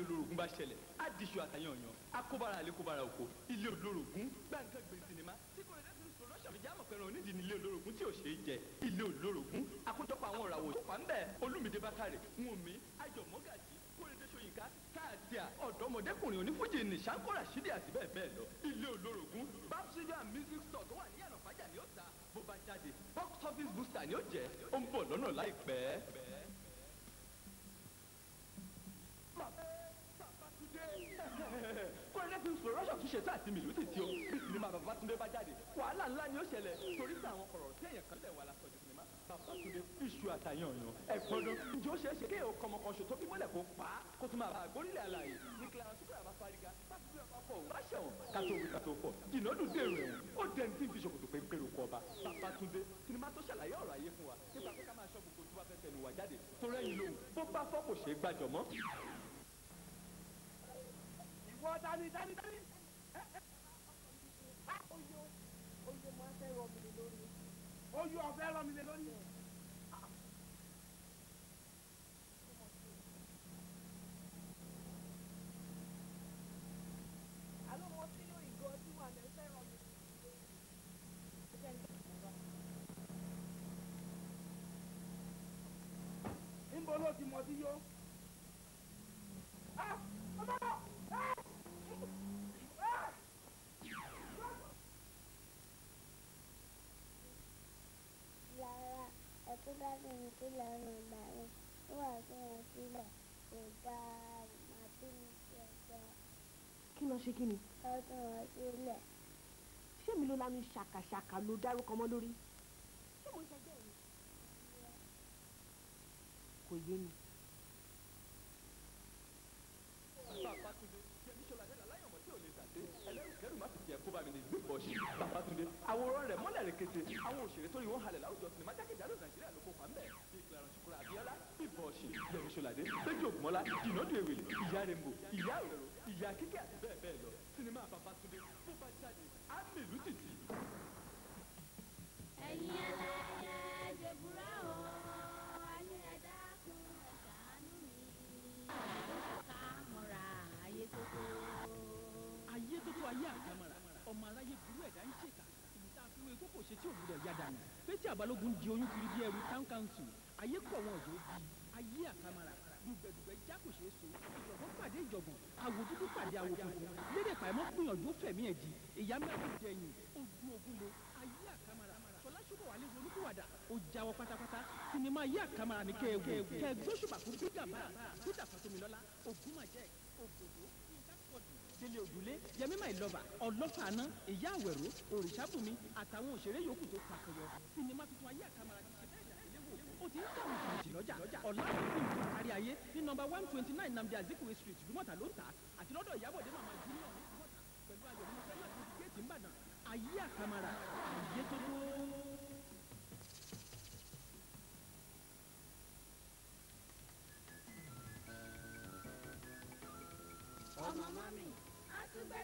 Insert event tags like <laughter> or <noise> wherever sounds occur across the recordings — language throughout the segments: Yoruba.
ilé olórogún bá ṣẹlẹ̀ á diṣu àtàyàn yàn á kóbára àlè kóbára òkò ilé olórogún gbàǹkan gbé sinimá tí kò lè dẹ́sùn sọ lọ́sọ̀ ìjà àmọ̀ pẹ̀rọ onídìí ní ilé olórogún tí ò ṣeé jẹ ilé olórogún àkójọpọ̀ àwọn ìràwọ̀ tó fà ń bẹ̀ olúmídé bákàrẹ̀ wùnmí àjọmọ́gàjì kórèdé ṣóyínká káàdìà ọ̀dọ́mọdékùnrin onífújì ní sanko rasidi àti bẹ́ẹ̀ bẹ́ẹ̀ lọ ilé olórogún babsida music store tó wà ní ànàfàjà ni ó ta bó bá jáde box office booster ni ó jẹ́ ó ń bọ̀ lọ́nà láìpẹ́. kórẹ́lẹ́sìn floration tún ṣètò àti mìlútì tí o bí sinimá Babatunde bá jáde wàhálà ńlá ni ó ṣẹlẹ̀ torí pé àwọn kọ̀rọ̀ tí èèyàn kan lẹ̀ wà lásọ̀jù sinimá Babatunde iṣu àtàyàn ọ̀yàn ẹ̀gbọ́dọ̀ ǹjẹ́ ó ṣeé ṣe kéèyàn ọkọ̀ ọmọkan ṣètò kí kó pa á kó tún máa bá agbórílẹ̀ alàyè ní kílára tó kúrò àbáfárígá bá fi bí ọ ìwọ tani tani tani. oyè mo rọ mi lé lórí. oyè ọ̀fẹ́ mình cứ lỡ người bạn lúc nào cũng là khi mà người ta mà tin người kí ló ṣe kí ni. ṣé mi ló lanu ṣàkàṣàkà ló dárúkọ mọ́ lórí. kò yé mi. olóṣèlú Babátúndé àwòrán rẹ̀ mọ́lẹ̀ rẹ̀kẹ̀tẹ̀ àwọn òṣèré tó rí wọn halẹ̀ láwùjọ sinimá jákèjádò Nàìjíríà ló kópa ńbẹ̀ bíi Clarence Shukura Abiola bíi Bọ̀ọ̀ṣì Yẹmi Ṣọládé Péjú Jìnàdù Ewèlè Ìyá Rembo Ìyá Òrèrò Ìyá Kíkẹ́ àti bẹ́ẹ̀ bẹ́ẹ̀ lọ sinimá Babátúndé bó jáde á mèlú títì. ẹ̀yin ẹlẹ́ aráyé burú ẹ̀dá ń ṣèkà èyí tá a fi wé kókò ṣe tí ò gbúdọ̀ yá dànù Faith Balogun di oyún kiri bí ẹrú town council ayé kọ̀ wọn ọ̀dọ́ bí ayé àkàmàrà dùgbẹ̀dùgbẹ̀ já kò ṣeé so ìjọ̀gbọ́n pàdé ìjọ̀gbọ̀n àwò dúdú pàdé àwò funfun lédè pàmò gbìyànjú fẹ̀mí ẹ̀ di ìyá mẹ́rin jẹ̀yìn ogun ogun le ayé àkàmàrà ṣọlá ṣubọ̀ wà léwu olúkúwàdà ó jáwọ́ pátápátá sinimá ayé àkàmàrà ni kẹ́ẹ̀wò kẹ́ẹ̀gbóṣùbà fún gbígbà bá Peter Fatomilọ́lá ògùnmàjẹ́ òdòdó délé òdúlé yẹmímà ìlọ́ba ọlọ́fà àná ìyá àwẹ̀rọ òrìṣàbùnmi àtàwọn òṣèré yòókù tó takọyọ sinimá tuntun ayé àkàmàrà ti ṣe bẹ́ẹ̀ ó ti ń tàwọn ìfìjì lọ́jà ọ̀la àbẹ̀fín tó kárí ayé ní nọ́mbà one twenty nine Namdi Azikiwe street Ìdúmọ̀tà ló ń tà àti lọ́dọ̀ Ìyábọ̀dé màmá júnior ní Ìdúmọ̀tà pẹ̀lú ayọ̀ ní mọ̀tà láti ti géètì ńbàdàn ayé àkàmàrà ayé tó dúró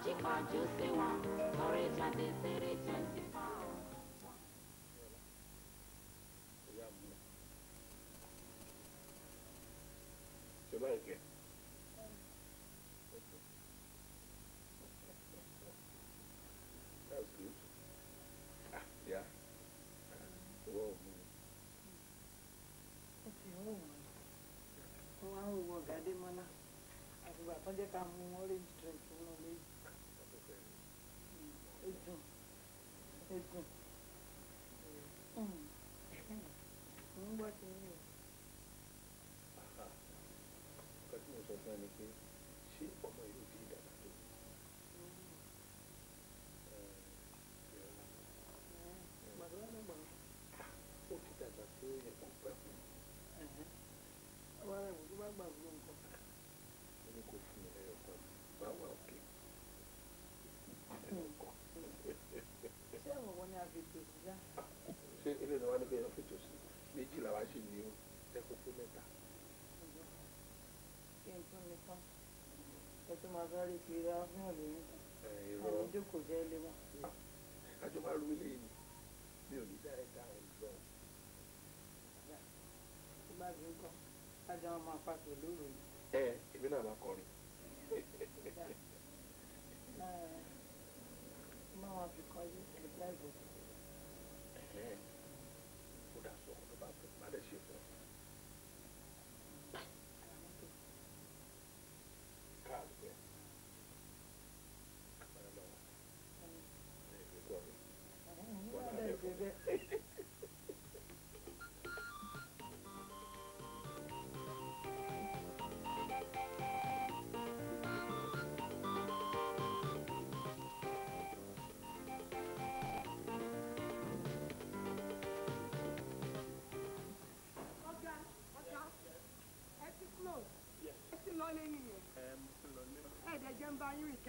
kọjú sí wọn torí twenty three twenty four. That's good. Ah, yeah. Whoa. Ó ti ń wò wọ́n. Wọ́n á ń wo Gàdémọ́lá àti bàbá jẹ́ ká mú wọn. yín o. ọ̀gá tí mo sọ fún ẹ ni pé ṣé ọmọ yìí ò ti kí n tún mi tán ẹ tó máa sáré kiri áfíàn lóyún ẹni jókòó jẹ lé mọ. kájọ máa ru ilé mi mi ò ní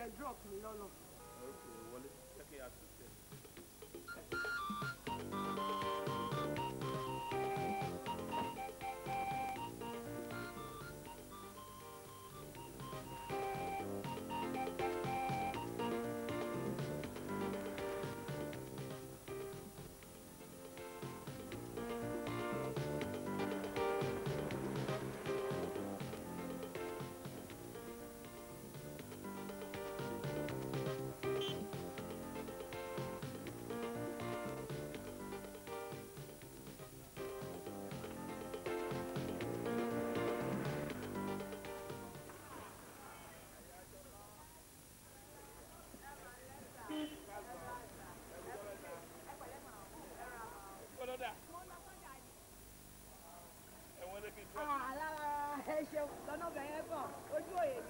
can drop me, no, no. alára ah, ẹ ṣeun lọ́nà ọ̀gá yẹn bọ̀ ojú òye ni.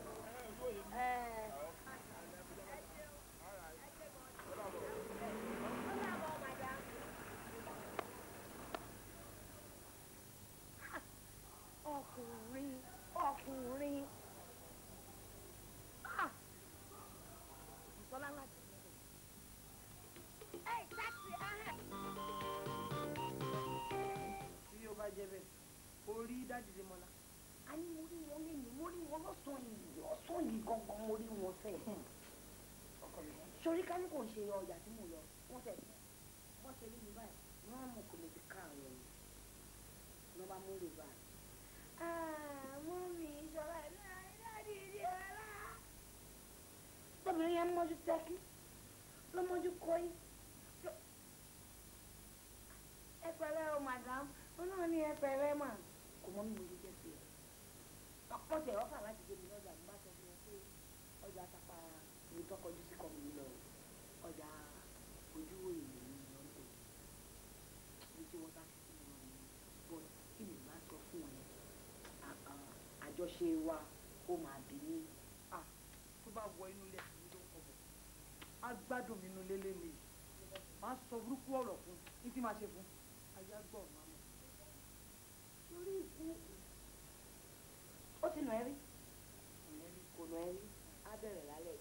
torí ká ní kò ń ṣe ọjà tí mo lọ wọ́n tẹ̀ wọ́n ṣe níbi báyìí wọ́n mú kò lè ká àwọn ẹ̀yìn ló bá mú lè báyìí. àmọ́ mi ìṣọ̀rọ̀ ẹ̀mí àìdáàdì ìdí ọ̀la. tóbìnrin yẹn mọ́jú tẹ́kí ló kọ́yí. ẹ pẹ̀lẹ́ o madam ó náà ní ẹ pẹ̀lẹ́ mà kò mọ́ mi mo lè jẹ́ pé ọ̀pọ̀ tẹ̀ ọ́fà láti gbé mi lọ́jà ń bá sọ fún ọ pé ọjà àtàpà ìtọ́kọjú sí kọ́ mi lọ ọjà ojúwò ìlú ní london ní tí wọ́n bá ti fún wọn ní bọ́ọ̀ kí ni màá sọ fún ẹ àjọṣe wa ó máa bí ní. tó bá wọ inú ilé ẹ̀sìn mi ló ń kọ bọ̀ á gbádùn mi nínú lélẹ́ mi màá sọ burúkú ọ̀rọ̀ fún ní tí màá ṣe fún ayé àgbọ̀ màá mọ̀. lórí ikú ó ti nà ẹ́ rí kò nà ẹ́ rí á bẹ̀rẹ̀ lálẹ́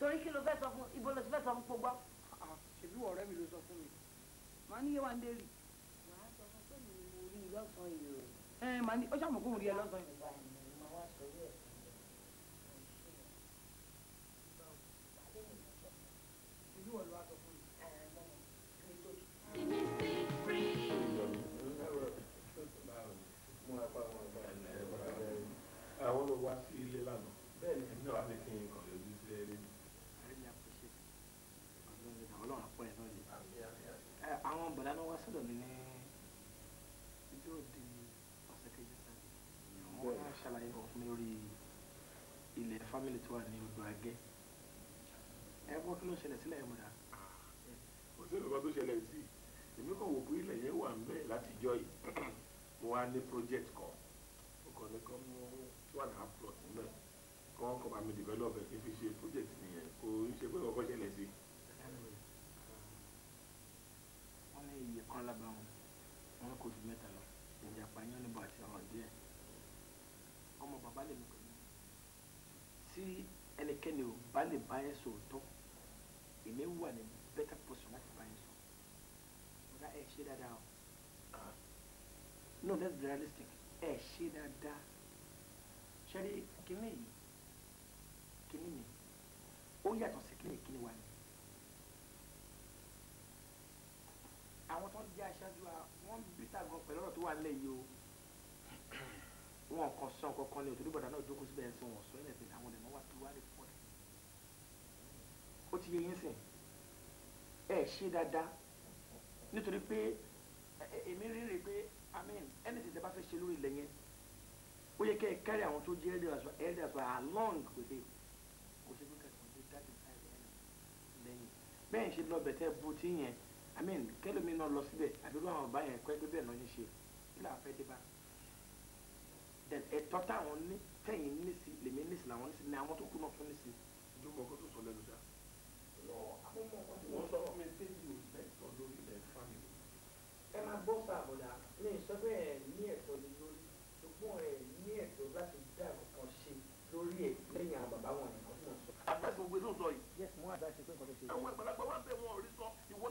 torí kí ló fẹ́ sọ fún ibo ló ti fẹ́ sọ fún gbogbo. Ah, ṣèbí ọ̀rẹ́ mi ló sọ fún mi màá ní yéwà ń délì. màá sọ fún pé mi ò rí lọ́sàn yìí o. ẹ eh, màá ní ó ṣàmùkú rí ẹ lọ́sàn-án yìí. ṣàlàyé bọ̀ fún mi lórí ilẹ̀ fámìlì tó wà ní odò àgẹ́ ẹ gbọ́ kí ló ń ṣẹlẹ̀ sílẹ̀ mọ̀dà. kò sí nǹkan tó ṣẹlẹ̀ sí èmi kàn wò pé ilẹ̀ yẹn wà ń bẹ̀ látijọ́ yìí mo wá ní project kan mo kàn ní kan mo wà ní àpùlọ̀ níbẹ̀ kí wọ́n kọ́ bá mi develop ẹ̀ kí n fi ṣe project nìyẹn kò ń ṣe pé kọ́kọ́ ṣẹlẹ̀ sí. wọ́n ní iye kan lábẹ́ wọn wọn kò ju mẹ́ta bá lè mú pẹ̀lú tí ẹnikẹ́ni ò bá lè bá yẹn sọ òótọ́ èmi wà ní better position láti bá yẹn sọ ọ̀gá ẹ̀ ṣe dáadáa o no let's be realistic ẹ̀ ṣe dáadáa ṣẹ́rí kínní yìí kínní mi ó yàtọ̀ sí kínní kínní wa ni àwọn tó ń jẹ́ aṣáájú wa wọ́n ń bí tàgọ́ pẹ̀lú ọ̀rọ̀ tó wà nílẹ̀ yìí o wọn kàn sàn kankan lé òtòdó bọ̀dà náà jókòó síbẹ̀ ẹ̀ sìn wọ̀n sọ ẹ̀ sìn àwọn ọ̀dẹ̀mọ́ wà tó wá lè pọ̀ dẹ̀. ó ti yẹ yín sìn ẹ ṣe dáadáa nítorí pé èmi rírì pé amen ẹni tí ìjọba fẹ́ ṣe lórí ilẹ̀ yẹn ó yẹ kẹ́ ẹ kárí àwọn tó jẹ́ elders for elders for along with it kò sí pé kẹ́kọ̀ọ́ tó dájú lẹ́yìn bẹ́ẹ̀ ṣe lọ bẹ̀tẹ̀ bu tí yẹn amen kẹ́lómi náà lọ síbẹ̀ àbí wọn àwọn ọba yẹn kọ́ ẹgbẹ́ bẹ́ẹ̀ náà ń ṣe kí làwọn fẹ́ dé bá then ẹ̀tọ́ táwọn ní tẹ̀yìn ní sí lèmi ní sí làwọn ní sí ni àwọn tó kù náà tún ní sí. ìjọba ọkọ tó sọ lẹ́nu dá. wọ́n sọ fún mi pé mi ò lẹ́tọ̀ lórí ilẹ̀ fámìlì. ẹ máa gbọ́ sọ àbọ̀dá ní ìsọfẹ́ ẹ̀ ní ẹ̀tọ́ ni lórí ṣùgbọ́n ẹ̀ ní ẹ̀tọ́ láti dá nǹkan ṣe lórí ẹ̀ lẹ́yìn àwọn bàbá wọn nìkan tó ń sọ. àgbàṣe òwe ló ń sọ yìí. yes mo àgbà ṣe pé nǹkan tó ṣe. àwọn àgbàlagbà wá bẹ̀ wọn ò rí sọ ìwọ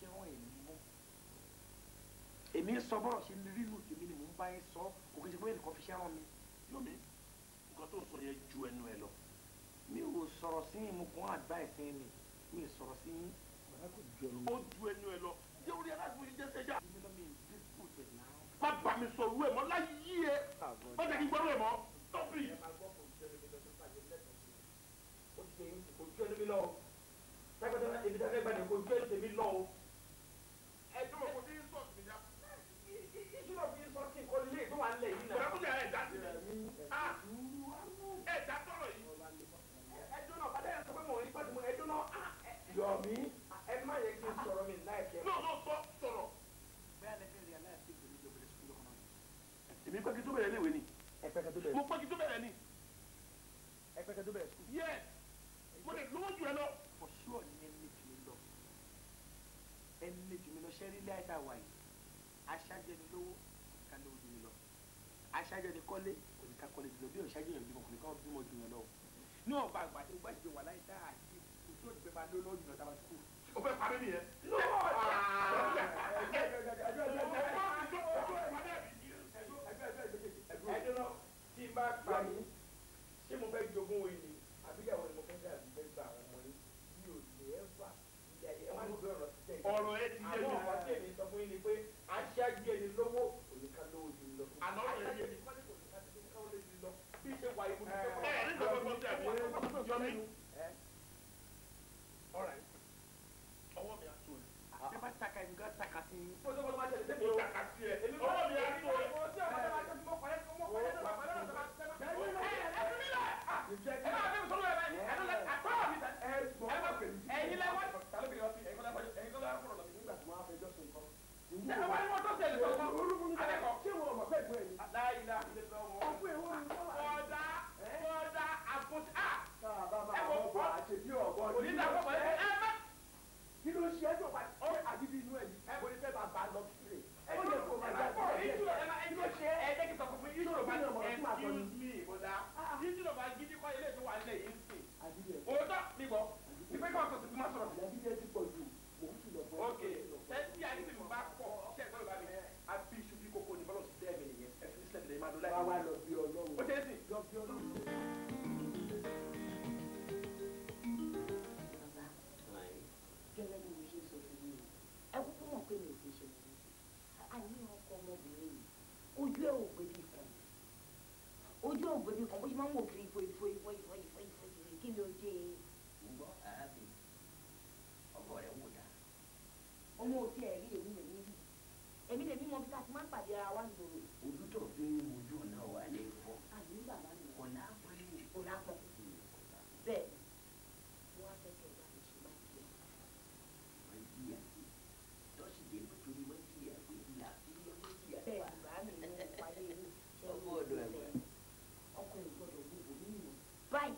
ṣe wọn èmi mú èmi ń sọ bọ́rọ̀ ṣe rí nù tèmi ni mò ń bá yín sọ kò kí n ṣe pé nìkan fi ṣe rán mi. yomi nǹkan tó ń sọ yẹn ju ẹnu ẹ lọ. mi ò sọ̀rọ̀ sí yín mo kàn án advice yín ni mi ò sọ̀rọ̀ sí yín. ó ju ẹnu ẹ lọ jẹ́ orí aláṣọ yìí jẹ́ sẹ́jà. má bà sọ òru ẹ̀ mọ́ láyé ẹ má jẹ́ kí n gbọ́dọ̀ ẹ̀ mọ́ tọ́pì. ojú ẹni mi lọ o. tágbàdàn ebi tá sọ̀rọ̀ mi. tó bẹ̀rẹ̀ léwe ni. ẹ pẹ́kí tó bẹ̀rẹ̀. mo pẹ́kí tó bẹ̀rẹ̀ ni. ẹ pẹ́kí tó bẹ̀rẹ̀ sùkúl. yẹ mo lè lówó jù ẹ lọ. for sure ni ẹni jù mí lọ ẹni jù mí lọ sẹ́rí ilé àìsàn wà yìí aṣáájú ẹni lówó ká lówó jù mí lọ aṣáájú ẹni kọ́lé kò ní ká kọ́lé jù lọ bí òṣáájú ẹni bímọ kò ní ká bímọ jù mí lọ ní ọba àgbà tí gbàjọ wà láì dáa tó ti máa lọ lọ́yìn lọ́tà bàtí kú. o fẹ́ parí nìyẹn. ló wà á ẹjọ́ náà tí n bá parí ṣé mo fẹ́ jogún oyin ni àbíyàwó ni mo fẹ́ dà bí bẹ́ẹ̀ gba àwọn ọmọ yìí kà ń gán tàkà sí i. mo sọ́kọ́ tó máa ṣẹlẹ̀ sí mi o. tàkà sí ẹ. èmi kọ́ mi àti mo. mo ti ọ̀gá tó máa ṣe mọ́ kọ́lẹ́ tó mọ́ kọ́lẹ́ tó máa kọ́lẹ́ tó máa ṣe máa. ẹ fi mi lẹ. ẹ máa fi mi sọ́nù ẹ̀rọ ẹ̀ ló lẹ àtọ́ mi tẹ. ẹ ojú ògbó ní kan bó máa ń wò kiri ìfọ ìfọ ìfọ ìfọ ìfọ ìfọ ìfọ kí ni dé. ǹgbọ́ arábìnrin ọkọ rẹ̀ wò dá. ọmọ òtí ẹ̀ rí èmi lèmi rí èmi lèmi mọ ká ti máa ń pàdé ara wa nìyẹn Right.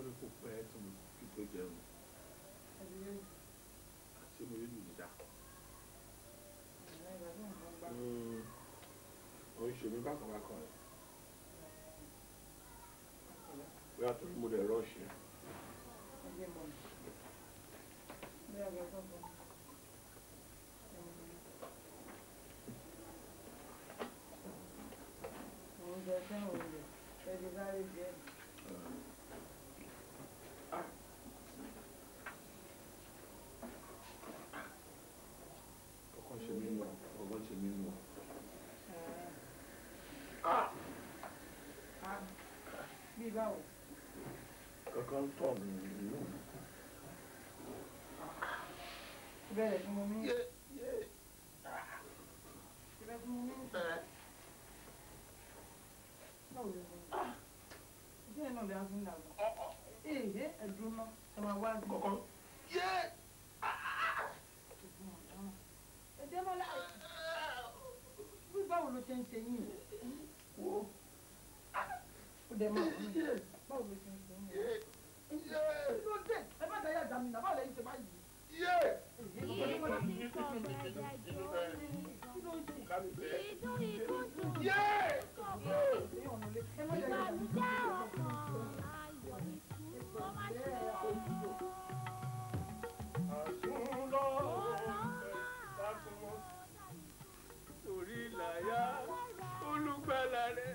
torí kò pẹ́ tí mo fi tó jẹun àti mo yóò lùdà. ó ń ṣe mí bákan bákan rẹ̀ bóyá torí mo lè rọ́ọ̀ṣì. bíi báwo. kankan tọ̀ mí inú não bẹ́ẹ̀ ni mo mí. bẹ́ẹ̀ ni mo mí. báwo ló ń bọ̀. ìjọ yẹn náà lè aṣọ ńlá lọ. ee ẹ̀dùn náà ẹ máa wá sí. kọ̀ọ̀kan. ẹ̀dẹ́ mọ́lá báwo ló ṣe ń ṣe yín o. E, e, e Yeah! dẹ̀ máa wọ̀ mí báwo ló ṣe ń sọ mọ́ ẹ ló dé ẹ má dáyà dà mí nà báwo lẹ́yìn ṣe bá yìí. iye ìbànújẹ́ ọkàn ayọ̀ ìtura máa ń ṣe. torí làyà olùgbàlà rẹ̀.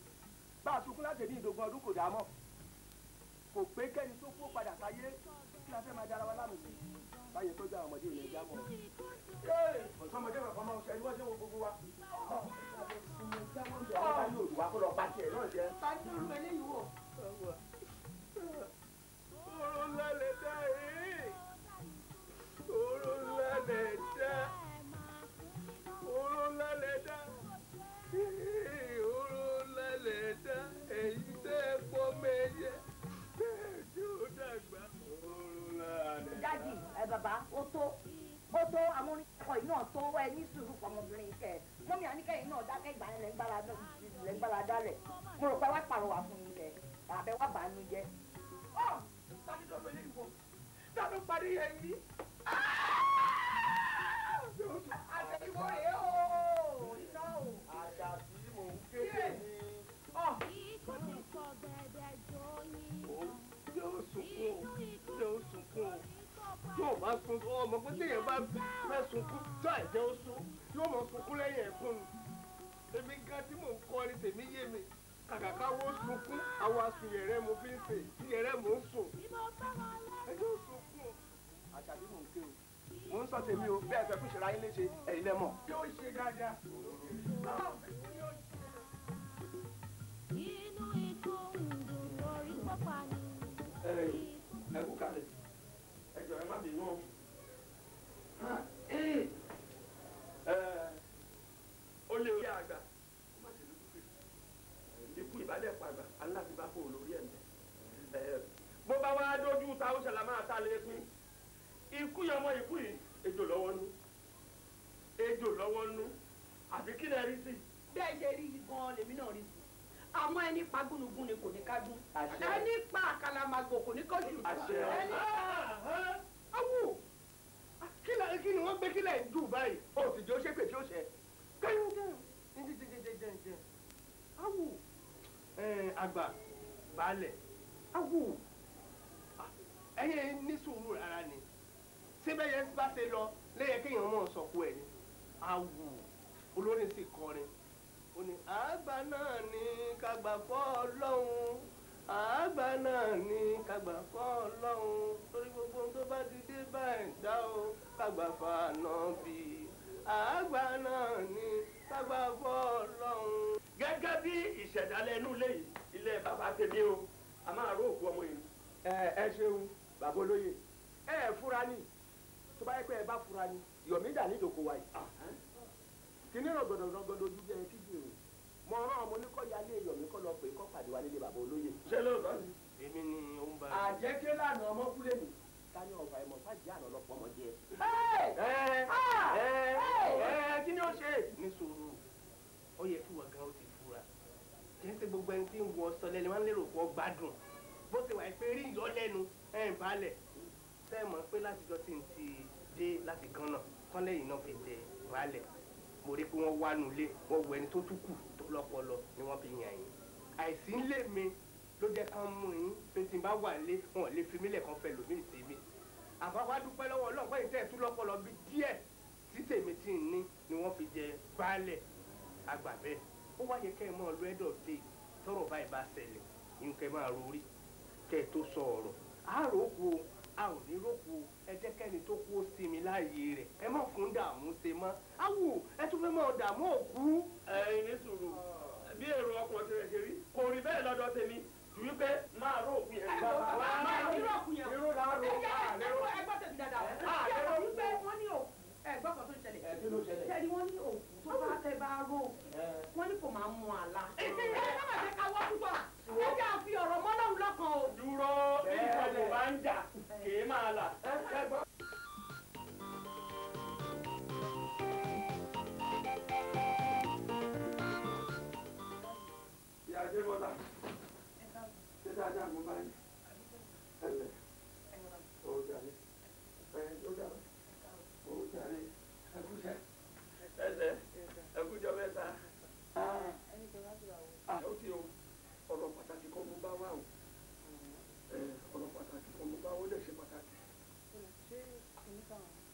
bá a sunkún láti ní ìdógún ọdún kò dáa mọ́ kò pé kẹ́ni tó kó padà sáyé kí la fẹ́ máa dára wa lánàá sí báyẹn tọ́jú àwọn ọmọdé ilẹ̀ ìjà mọ́ ọ̀sọ́mọdé bàbá máa ń ṣe ẹni wọ́n ṣe wọ gbogbo wa. ọ̀rọ̀ ńlá lè dá yìí ọ̀rọ̀ ńlá lè dá. bàbá ó tó ó tó àwọn oníkẹ́kọ̀ọ́ tó ẹ sùúrù fọmọbìnrin kẹ mọ́mí àníkẹ́yìn náà dákẹ́ ìgbà yẹn lẹ́gbàlá dálẹ̀ mo rò pé wá pàrọwà fún mi kẹ àbẹ wá bàánú jẹ. ọ tani tó lóye ìwọ tani parí ẹyin. àtẹ̀yìnwó rèé o. bá sunkún ọmọ pé téèyàn bá fẹ́ sunkún tó àìjẹ́ ó sún yóò mọ sunkún lẹ́yìn ẹ̀kún ni èmi gan tí mò ń kọ́ ni tèmi yé mi kàkàkà wo sunkún àwọn asùnyẹ̀rẹ́ mo fi ń sè ìyẹ̀rẹ́ mò ń sùn ẹjọ́ sunkún àtàbí mò ń ké o mò ń sọ tèmi o bẹ́ẹ̀ fẹ́ kú ìṣẹ̀lá léṣe ẹ̀yin lẹ́mọ̀. yóò ṣe dáadáa. inú ikú ń dùn orí pápá ni. ẹ ẹ kú kálẹ̀. musa awusa la máa ta lé pín ikú yọmọ ikú yìí ejò lọ́wọ́ nú ejò lọ́wọ́ nú àbí kí lẹ rí sí. bẹ́ẹ̀ ṣe rí gan-an lèmi náà rí sí àmọ́ ẹni pa gúnugún ni kò ní ká gún ẹni pa àkàlàmàgbò kò ní kọjú ẹni ah, ah. awù ah, kí ni wọ́n gbé kílẹ̀ ń dù báyìí o sì jẹ́ ó ṣépè tí ó ṣe kẹ́yìn jẹ́ awù eh, àgbà baálẹ̀ awù ẹ̀yin ní sùúrù rárá ni síbẹ̀ yẹn bá ṣe lọ lẹ́yẹ kéèyàn mọ̀ sọ̀kú ẹ̀ ni awù olórin sì kọrin ó ní àgbà náà ni kàgbà fọ́ ọlọ́run àgbà náà ni kàgbà fọ́ ọlọ́run lórí gbogbo ohun tó bá ti dé báyìí dá o kàgbà fà náà bí àgbà náà ni kàgbà fọ́ ọlọ́run. gẹ́gẹ́ bí ìṣẹ̀dálẹ̀ inú ilé yìí ilé bàbá tèmi o a máa ró òkú ọmọ yìí. ẹ ẹ ṣeun bàbá olóye ẹ ẹ fura ni tó bá yẹ pé ẹ bá fura ni yọmí dà ní ìdòkò wa yìí ah. kíní rọgbọdọ rọgbọdọ ojú jẹ kíjì o mọ ọ̀rọ̀ ọmọ oníkọyà lé yọmí kọ lọ pé kọ pàdé wa nílé bàbá olóye. ṣé lóòótọ́ ni. èmi ni ó ń bá àjẹkẹ́ lànà ọmọkúlẹ̀ mi ká ní ọ̀fà ẹ̀mọ́ fàjì àná lọ́pọ̀ ọmọ jẹ. Ah! kí ni ó ṣe. ní sòrò ó yẹ kí wọ̀gán ó ti fura kí gbogbo ẹni tí ń wọ sọlẹ́ni wọn lérò pọ̀ gbádùn bó ti wà ẹ ń balẹ̀ tẹ́ ẹ mọ̀ pé látijọ́ tí n ti dé láti gánà tán lẹ́yìn náà fi tẹ balẹ̀ mo rí pé wọ́n wá nulẹ̀ wọ́n wọ ẹni tó tún kù tó lọ́pọlọ ni wọ́n fi yàn yín àìsí ń lè mi ló jẹ́ ká mú yín pé tí n bá wà lé wọn lè fi mí lẹ̀kan fẹ́ lòmíì sí mi àbáwá dúpẹ́ lọ́wọ́ ọlọ́pàá yìí tẹ̀ tún lọ́pọlọ bí díẹ̀ tí tèmi ti ní ni wọ́n fi jẹ baálẹ̀ àgbà bẹ́ẹ̀ ó wáyé kẹ́ ẹ máa lo ẹ́dọ̀ dé tọrọ báyìí bá ṣẹlẹ̀ yín kẹ́ máa rorí kẹ́ ẹ tó sọ ọ̀rọ̀ àròkù a ò ní ròkù ẹ jẹ́ kẹ́ni tó kú ó sinmi láàyè rẹ̀ ẹ má fún dààmú ṣe mọ́ awù ẹ tún fẹ́ mọ́ dààmú òkú. ẹ̀yin ní sùúrù bí èrò ọkùnrin tẹ̀lé ṣe rí kò rí bẹ́ẹ̀ lọ́dọ̀ tèmi jù wípé máa ròkù yẹn gbà wá máa ròkù yẹn irú la rò àlérò ẹgbẹ́ tẹ̀mí dáadáa àlérò wípé wọ́n ní òkú ẹgbẹ́ kan tó ń ṣẹlẹ̀ ṣẹlẹ̀ wọ́n ní òkú tó bá tẹ bá rò wọ́n ní kò máa mú àlá ẹ kan ò dúró bí ìjọba bá ń jà kì í máa là. ìyá débọ̀lá.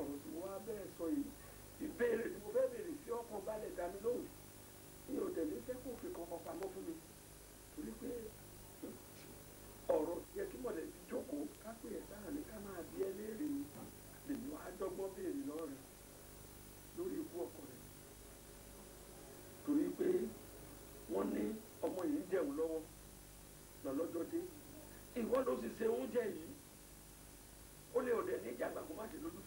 ọ̀rọ̀ tí wọ́n á bẹ́ẹ̀ sọ yìí ìbéèrè tí mo fẹ́ béèrè sí ọkàn balẹ̀ dá mi lóhùn mi ò tẹ̀lé fẹ́ kó fi kankan pamọ́ fún mi torí pé ọ̀rọ̀ yẹ kí mọ̀lẹ́ ti jókòó ká pè ẹ́ sáà ní ká máa bí ẹ léèrè mi lèmi wàá dọ́gbọ́n béèrè lọ́rẹ̀ lórí ikú ọkọ rẹ̀ torí pé wọ́n ní ọmọ yìí jẹun lọ́wọ́ lọ́lọ́jọ́ dé ìwọ ló sì ṣe oúnjẹ yìí ó lè ọ̀dẹ̀ ní ìjàgbá kó má ṣe lójú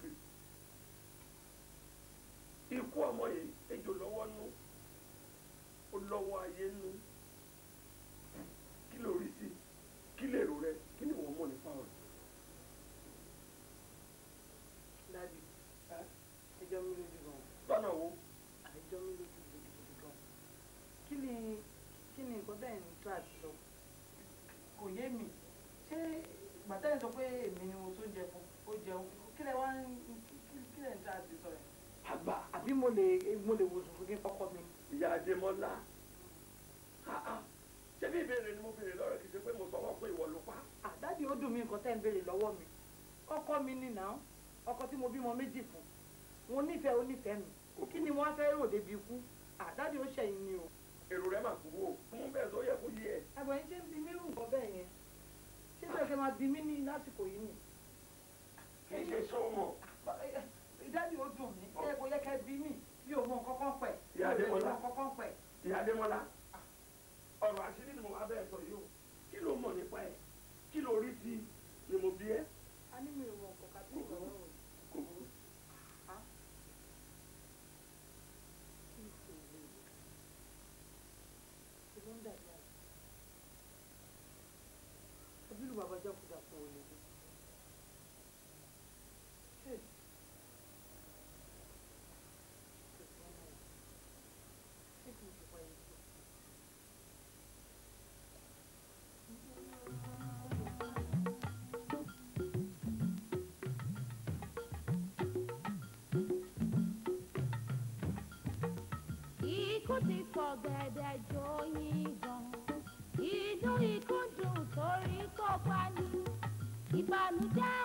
bẹ́ẹ̀ ní tó àti sọ kò yé mi ṣé gbàtẹ́ ń sọ pé èmi ni mo tó jẹ fún ó jẹun kí lẹ wá ń kí lẹ ń tó àti sọ rẹ. àgbà àbí mo lè mo lè wo sùn kí n kọ́kọ́ mi. ìyá adémọlá ṣé bí ìbéèrè ni mo béèrè lọ́rọ̀ kì í ṣe pé mo sọ wọ́n pé ìwọ ló pa. àdájì ó dùn mí nǹkan tẹ́ ń béèrè lọ́wọ́ mi ọkọ mi ni nà án ọkọ tí mo bímọ méjì fún wọn nífẹ̀ẹ́ onífẹ̀ẹ́ mi kí ni wọ́n fẹ́ rò débi ikú àdájì ó ṣẹ̀yìn ni o èrò rẹ̀ mà kúrò fún bẹ́ẹ̀ tó yẹ kó yé ẹ̀. àgbẹ̀ yín ṣe ń bi mí rùn kọ́ bẹ́ẹ̀ yẹn ṣé bẹ́ẹ̀ kẹ́ máa bi mí ní lásìkò yìí nì. kì í ṣe sọ́mọ. ìdájì ó dùn mí ẹ kò yẹ kẹ́ bí mi mi ò mọ kọ́kọ́ pẹ̀. ìyá Adémọ́lá ìyá àṣírí ni mo wá bẹ́ẹ̀ sọ yìí o kí ló mọ̀ nípa ẹ̀ kí ló rí sí ni mo bí ẹ́ Mami, Dad.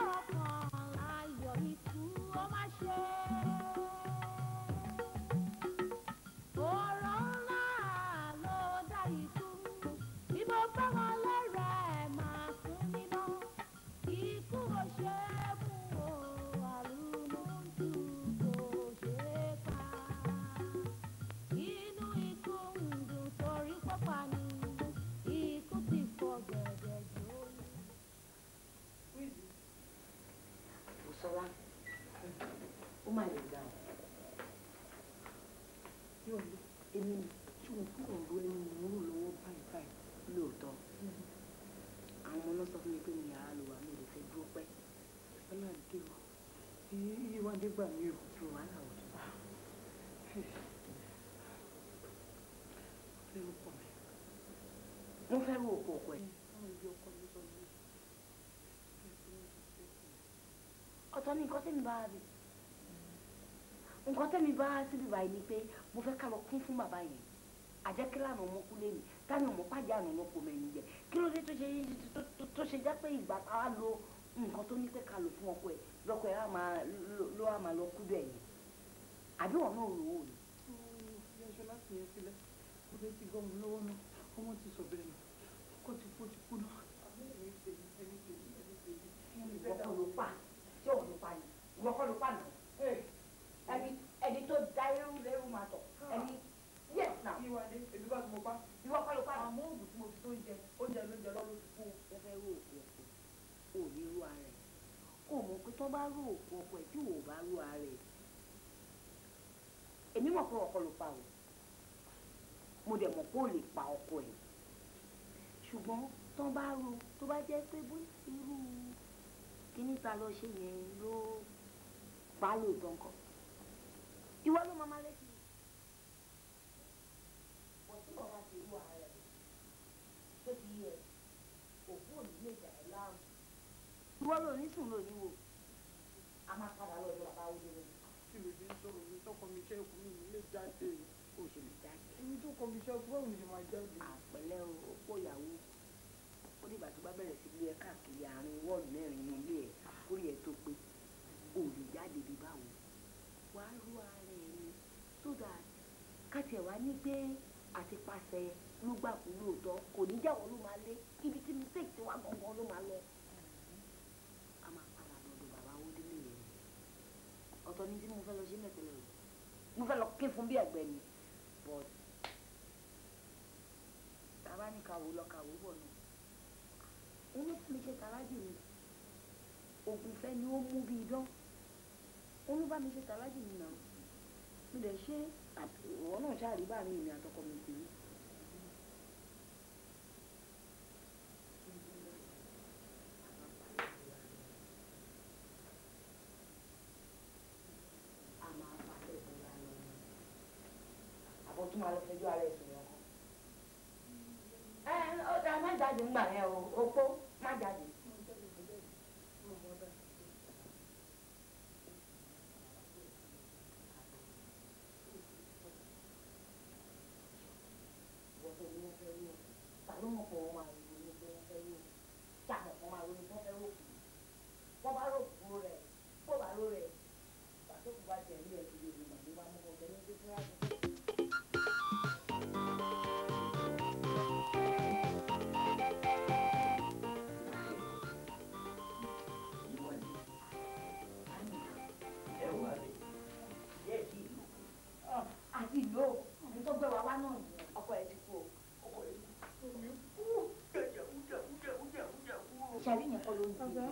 máa lè dà ọ́ nǹkan tẹ́mi bá síbi báyìí ni pé mo fẹ́ ká lọ kún fún bàbá yẹn àjẹkílànà ọmọkúlé mi táwọn ọmọ pàjá àná lọkọ mẹ́rin jẹ kí ló dé tó ṣe jẹ́ pé ìgbà tá a lo nǹkan tó ní pé ká lò fún ọkọ ẹ̀ lọkọ ẹ̀ ló á máa lọ kú bẹ́ẹ̀ yẹn àbí wọn náà rò ó ni. ìyáṣọ láti yẹn sílẹ̀ kò dé ti gọ́ọ̀mù lọ́wọ́ náà ọmọ ti sọ bẹ́ẹ̀ ni ọkọ ti kú ti kú náà. ìwọ́kọ̀ ló pa ṣé òun ló pa ni ìwọ́kọ̀ ló pa náà. yín wọlé èmi kọ́ ni mo pa ìwọ kọ́ ló pa àmọ́ oògùn tí mo fi tó ń jẹ oúnjẹ ló ń jẹ lọ́rùn ti fún o fẹ́ rò òkú ọ̀pọ̀ ò ní rú ara ẹ̀ kò mọ̀ pé tó bá rò òkú ọ̀pọ̀ ẹ̀ tí wò bá rú ara ẹ̀ èmi mọ̀ pé ọkọ ló pa o mo dẹ̀ mọ̀ pé ò lè pa ọkọ ẹ̀ ṣùgbọ́n tó bá rú tó bá jẹ́ pé bó irú kíní ta lọ ṣe yẹn ló pa lóòótọ́ nǹkan ìwọ ló máa máa lẹ́sẹ̀. ìwọ ló ní sùn lónìí wò a máa padà lọ ìlú bàbá òde rẹ. kí ló dé sọ̀rọ̀ mi tọkọ mi ṣe òkú mi nílé jáde oṣù mi jáde. ibi tó kọ mi ṣe òkú báwo ni mo máa jáde. àpẹẹrẹ ọ̀pọ̀ ìyàwó ó dìgbà tó bá bẹ̀rẹ̀ sí ilé ẹ káàkiri àárín wọ́ọ̀lù mẹ́rin inú ilé ẹ kórè ẹ tó pé òòlù jáde bí báwo wàá rú ara ẹ ni so that káti ẹ̀ wá ní pé àti pàṣẹ ló gbà kú lóòótọ́ kò ní jáwọ́ ló máa lé ibi tí mistake ti wá gbọ̀ngàn ló máa lọ. ọ̀tọ̀ ni tí mo fẹ́ lọ sí mẹ́tẹ̀lẹ́ o mo fẹ́ lọ ké fún bí ẹ̀gbẹ́ ni but tàbá ní kàwó lọ kàwó bọ̀ nù omi tí mi ṣe tàlájì mi ògùn fẹ́ ni ó mú bí idán omi bá mi ṣe tàlájì mi nà mo dẹ̀ ṣe ìwọ náà ṣáà rí bá mi ìrìn àtọkọ mi tèmi. 明白有？ṣàrí yẹn kọ́ ló ń dùn mí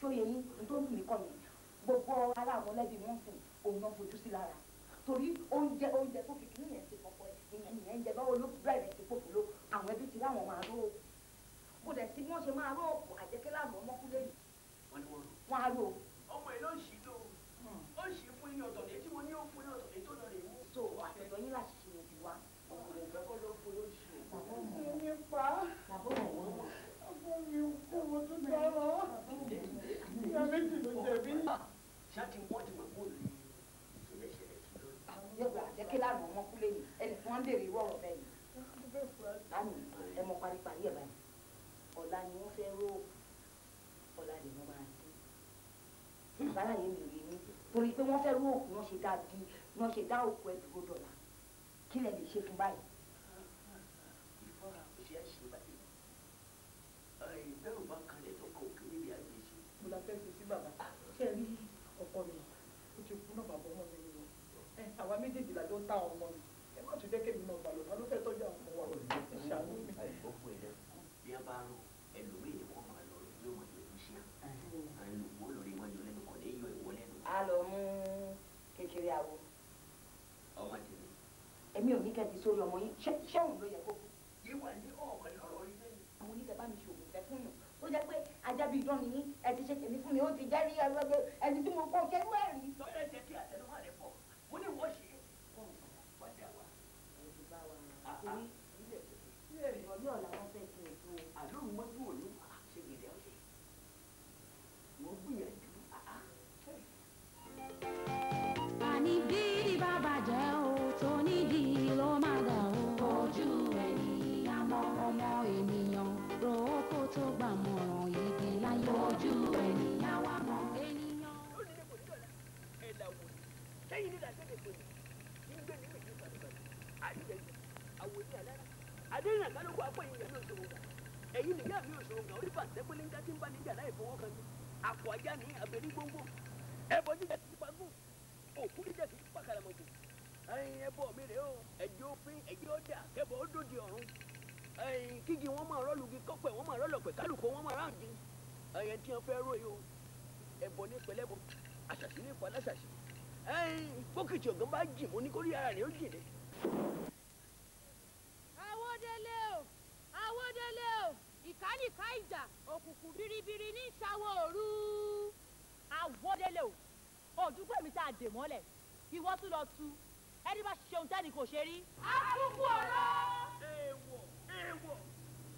ṣó yẹ yín tó ń dùn mí kọ́ yẹn gbogbo ara àwọn lẹ́bi wọn sìn òun náà fojú sí lára torí oúnjẹ oúnjẹ tó fi kí nìyẹn ti kọ̀kọ́ ìyẹn ìyẹn ń jẹ báwo ló fi torí pé wọ́n fẹ́ rú òkú wọn ṣe dá bí wọn ṣe dá òkú ẹ̀ dúró dọ̀là kí lẹ lè ṣe fún báyìí. àwa méjèèjì la ta ọmọ mi ẹ má tún jẹ́ kémi náà balùwẹ̀ ìyàwó. ọmọ tèmi. èmi ò ní kẹ́bi sórí ọmọ yín ṣẹ́hùn ló yẹ kó kú. yíwà ní ọ̀ọ̀kan lọ́rọ̀ orí lẹ́yìn. àwọn oníkẹ́ bá mi ṣòwò fẹ́ fún yàn ó jẹ́ pé ajá bíi dán ni yín ẹ ti ṣe tèmi fún mi ó ti jẹ́ ẹni tí mo kọ́ kẹ́wẹ́ rí. jẹ́ kí àtẹ́lẹ́ ọmọ ènìyàn ro kó tó gbàmọ̀ràn ibi láyé ojú ènìyàn wà mọ́ ènìyàn. lẹ́yìn nígbà tó lè pèlè ní gbé ní gbèsè pàtàkì àdìjẹjẹ àwọn ènìyàn lára àdéhùn àkálùkù apọ̀ ìyẹn ní òṣòwò gà ẹ̀yìn nìyá mi òṣòwò gà orí pàṣẹ pélé ń tí ń bá níjà láì fọwọ́ kan ní àpò ajá ní abẹ́rí gbóngbò ẹbọ jíjẹ ti pa gùn òkú jíjẹ ti pa kàràmọ̀gbò ẹ̀yìn ẹbọ mi rèé o ẹ̀jẹ̀ òfin ẹ̀jẹ̀ ọ̀dà kẹbọ ó dòdì ọ̀run kígi wọn máa rọ́ọ̀lùgi kọ́pẹ́ wọn máa rọ́ọ̀lọ̀pẹ̀ kálukọ wọn máa ráǹdì ẹ̀yẹn tí wọn fẹ́ ró yìí o ẹ̀bọ ní pẹlẹ́bọ àṣàṣì ní ìpàdé àṣàṣì pókìtì ọ̀gán bá jì mọ́ ní ara rẹ̀ ó jì dé. àwọdélé o àwọdélé o ìkálìká ìjà òkùnkùn biribiri ní ìṣàwọ̀ òru. àwọdélé o òdúgbò mi tá a dè mọ́lẹ̀ ìwọ tún lọ tu ẹni bá ṣe ohun tẹ́ni kò ṣe rí. a ọ̀rọ̀ èèwọ̀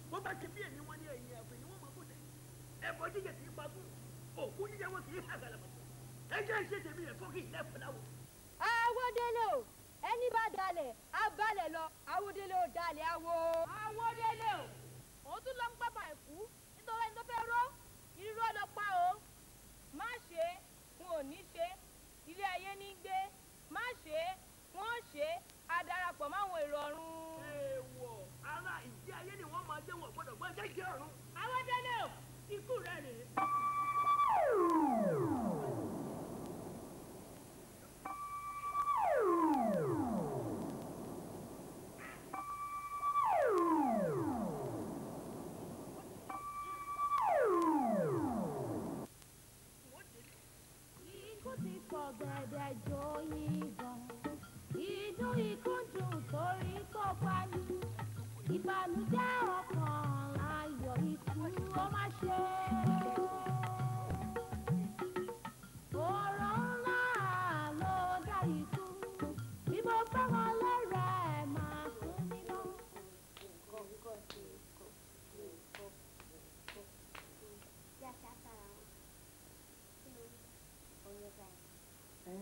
bó bá ṣe bí èmi wọn ní ẹ̀yìn ẹ̀fẹ̀ ni wọ́n máa bò dẹ̀ ẹ̀fọ́ jíjẹ kì í pa fún òkú jíjẹ wọn kì hà gàlàmọ̀ ẹ jẹ́ ìṣe tèmi rẹ̀ fọ́kì ìlẹ́fọ̀ láwọ̀. o ẹni bá dalẹ̀ á lọ àwọdélé o dalẹ̀ àwọ. àwọdélé o òun tún lọ ń gbàgbà ẹ̀kú nítorí ẹni tó fẹ́ ró irú ọ̀dọ̀ pa o má ṣe wọn ò ṣe ilé ayé ní gbé má ṣe wọn ṣe adarapọ̀ máwọn èrò ọ̀run ara ìdí ayé ni wọ́n máa jẹ́ wọn gbọ́dọ̀ gbọ́ jẹ́jẹ́ ọ̀run. àwọn dẹ́lẹ̀ ikú rẹ̀ rèé.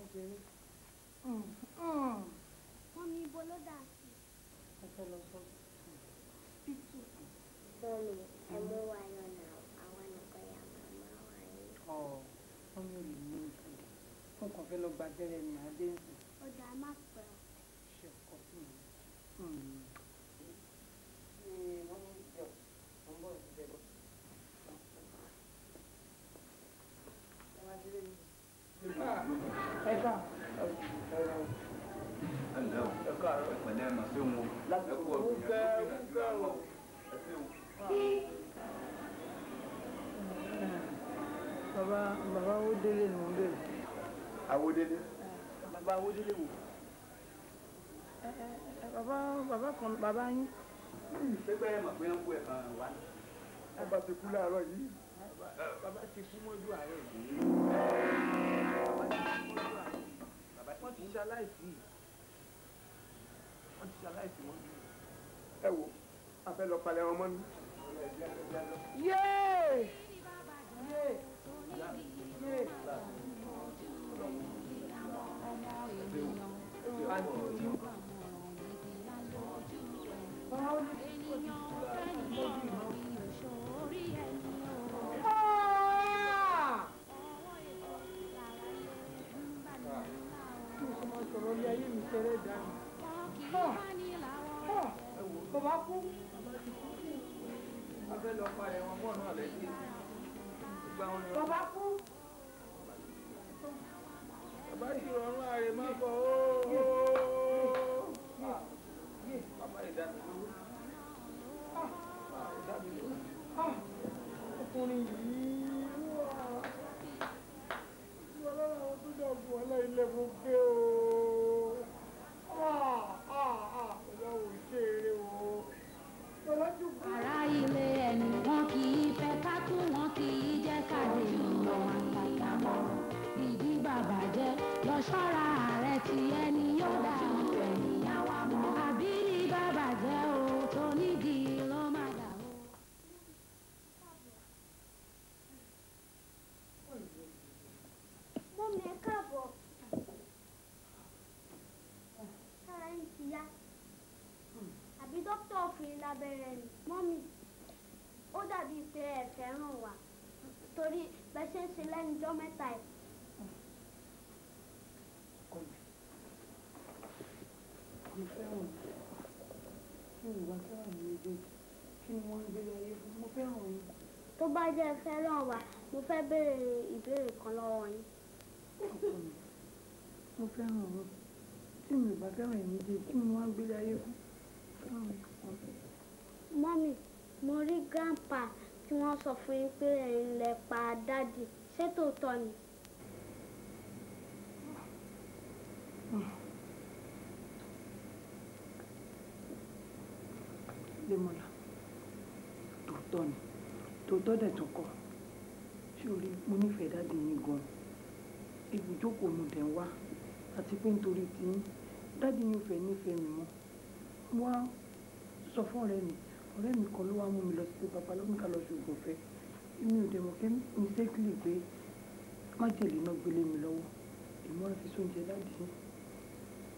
obìnrin. Mm, mm. wọ́n mi ibo ló dà sí. mo fẹ́ lọ sọ. pítù. mọ́mi ẹ mú wa lọ́nà àwọn nìkan yà màmá wa ni. ọ mọ́mi ò lè mú ìfẹ́ mo kàn fẹ́ lọ gbàdẹ́rẹ́ ní adé ń sìn. ọ̀dà má pẹ́. ṣe ọkọ mi. Hmm. Awódélé ni mo ń bèrè. Awódélé. Eh, bàbá Awódélé wò. Eh, eh, bàbá bàbá kan bàbá yín. Hmm, ṣé bẹ́ẹ̀ mọ̀ pé ń kú ẹ̀kan wá? Ah. Bàbá ti kú láàárọ̀ yìí. Bàbá ti kú mọ́jú hmm. àárọ̀ yìí. Bàbá ti kú mọ́jú àárọ̀ yìí. Wọ́n ti ṣaláìsí. Wọ́n a fẹ́ lọ palẹ̀ ọmọ mi. Yéé! Yéé! sọ̀rọ̀ kú bàbá ìṣirò ọ̀run lẹ́nu jọ́ mẹ́ta yìí. mo fẹ́ràn kí ni ìwà fẹ́ràn mi méjèèjì kí ni wọ́n ń gbé ayé fún mo fẹ́ràn yín. tó bá jẹ́ fẹ́ràn wa mo fẹ́ béèrè ìbéèrè kan lọ́wọ́ yín. mo fẹ́ràn o tí mi ìbá fẹ́ràn yín méjèèjì kí ni wọ́n ń ayé fún fẹ́ràn mo rí grandpa tí wọ́n sọ fún yín pé ẹ̀yin lẹ pa dádì ṣé tòótọ́ ni. Démọ́lá tòótọ́ ni tòótọ́ dẹ̀ tó kọ́ ṣórí mo nífẹ̀ẹ́ dáadé yín gan-an ibùjókòó mo dẹ̀ ń wá àti pé nítorí tiyín dáadé yín ò fẹ́ nífẹ̀ẹ́ mi mọ́ wá sọ fún ọ̀rẹ́ mi ọ̀rẹ́ mi kan ló wá mú mi lọ sí babalọ́mìkà mi ò dẹ̀ mọ̀ pé mistakenly pé májèlé náà gbélé mi lọ́wọ́ èmi wá fi sóúnjẹ dáàdì yín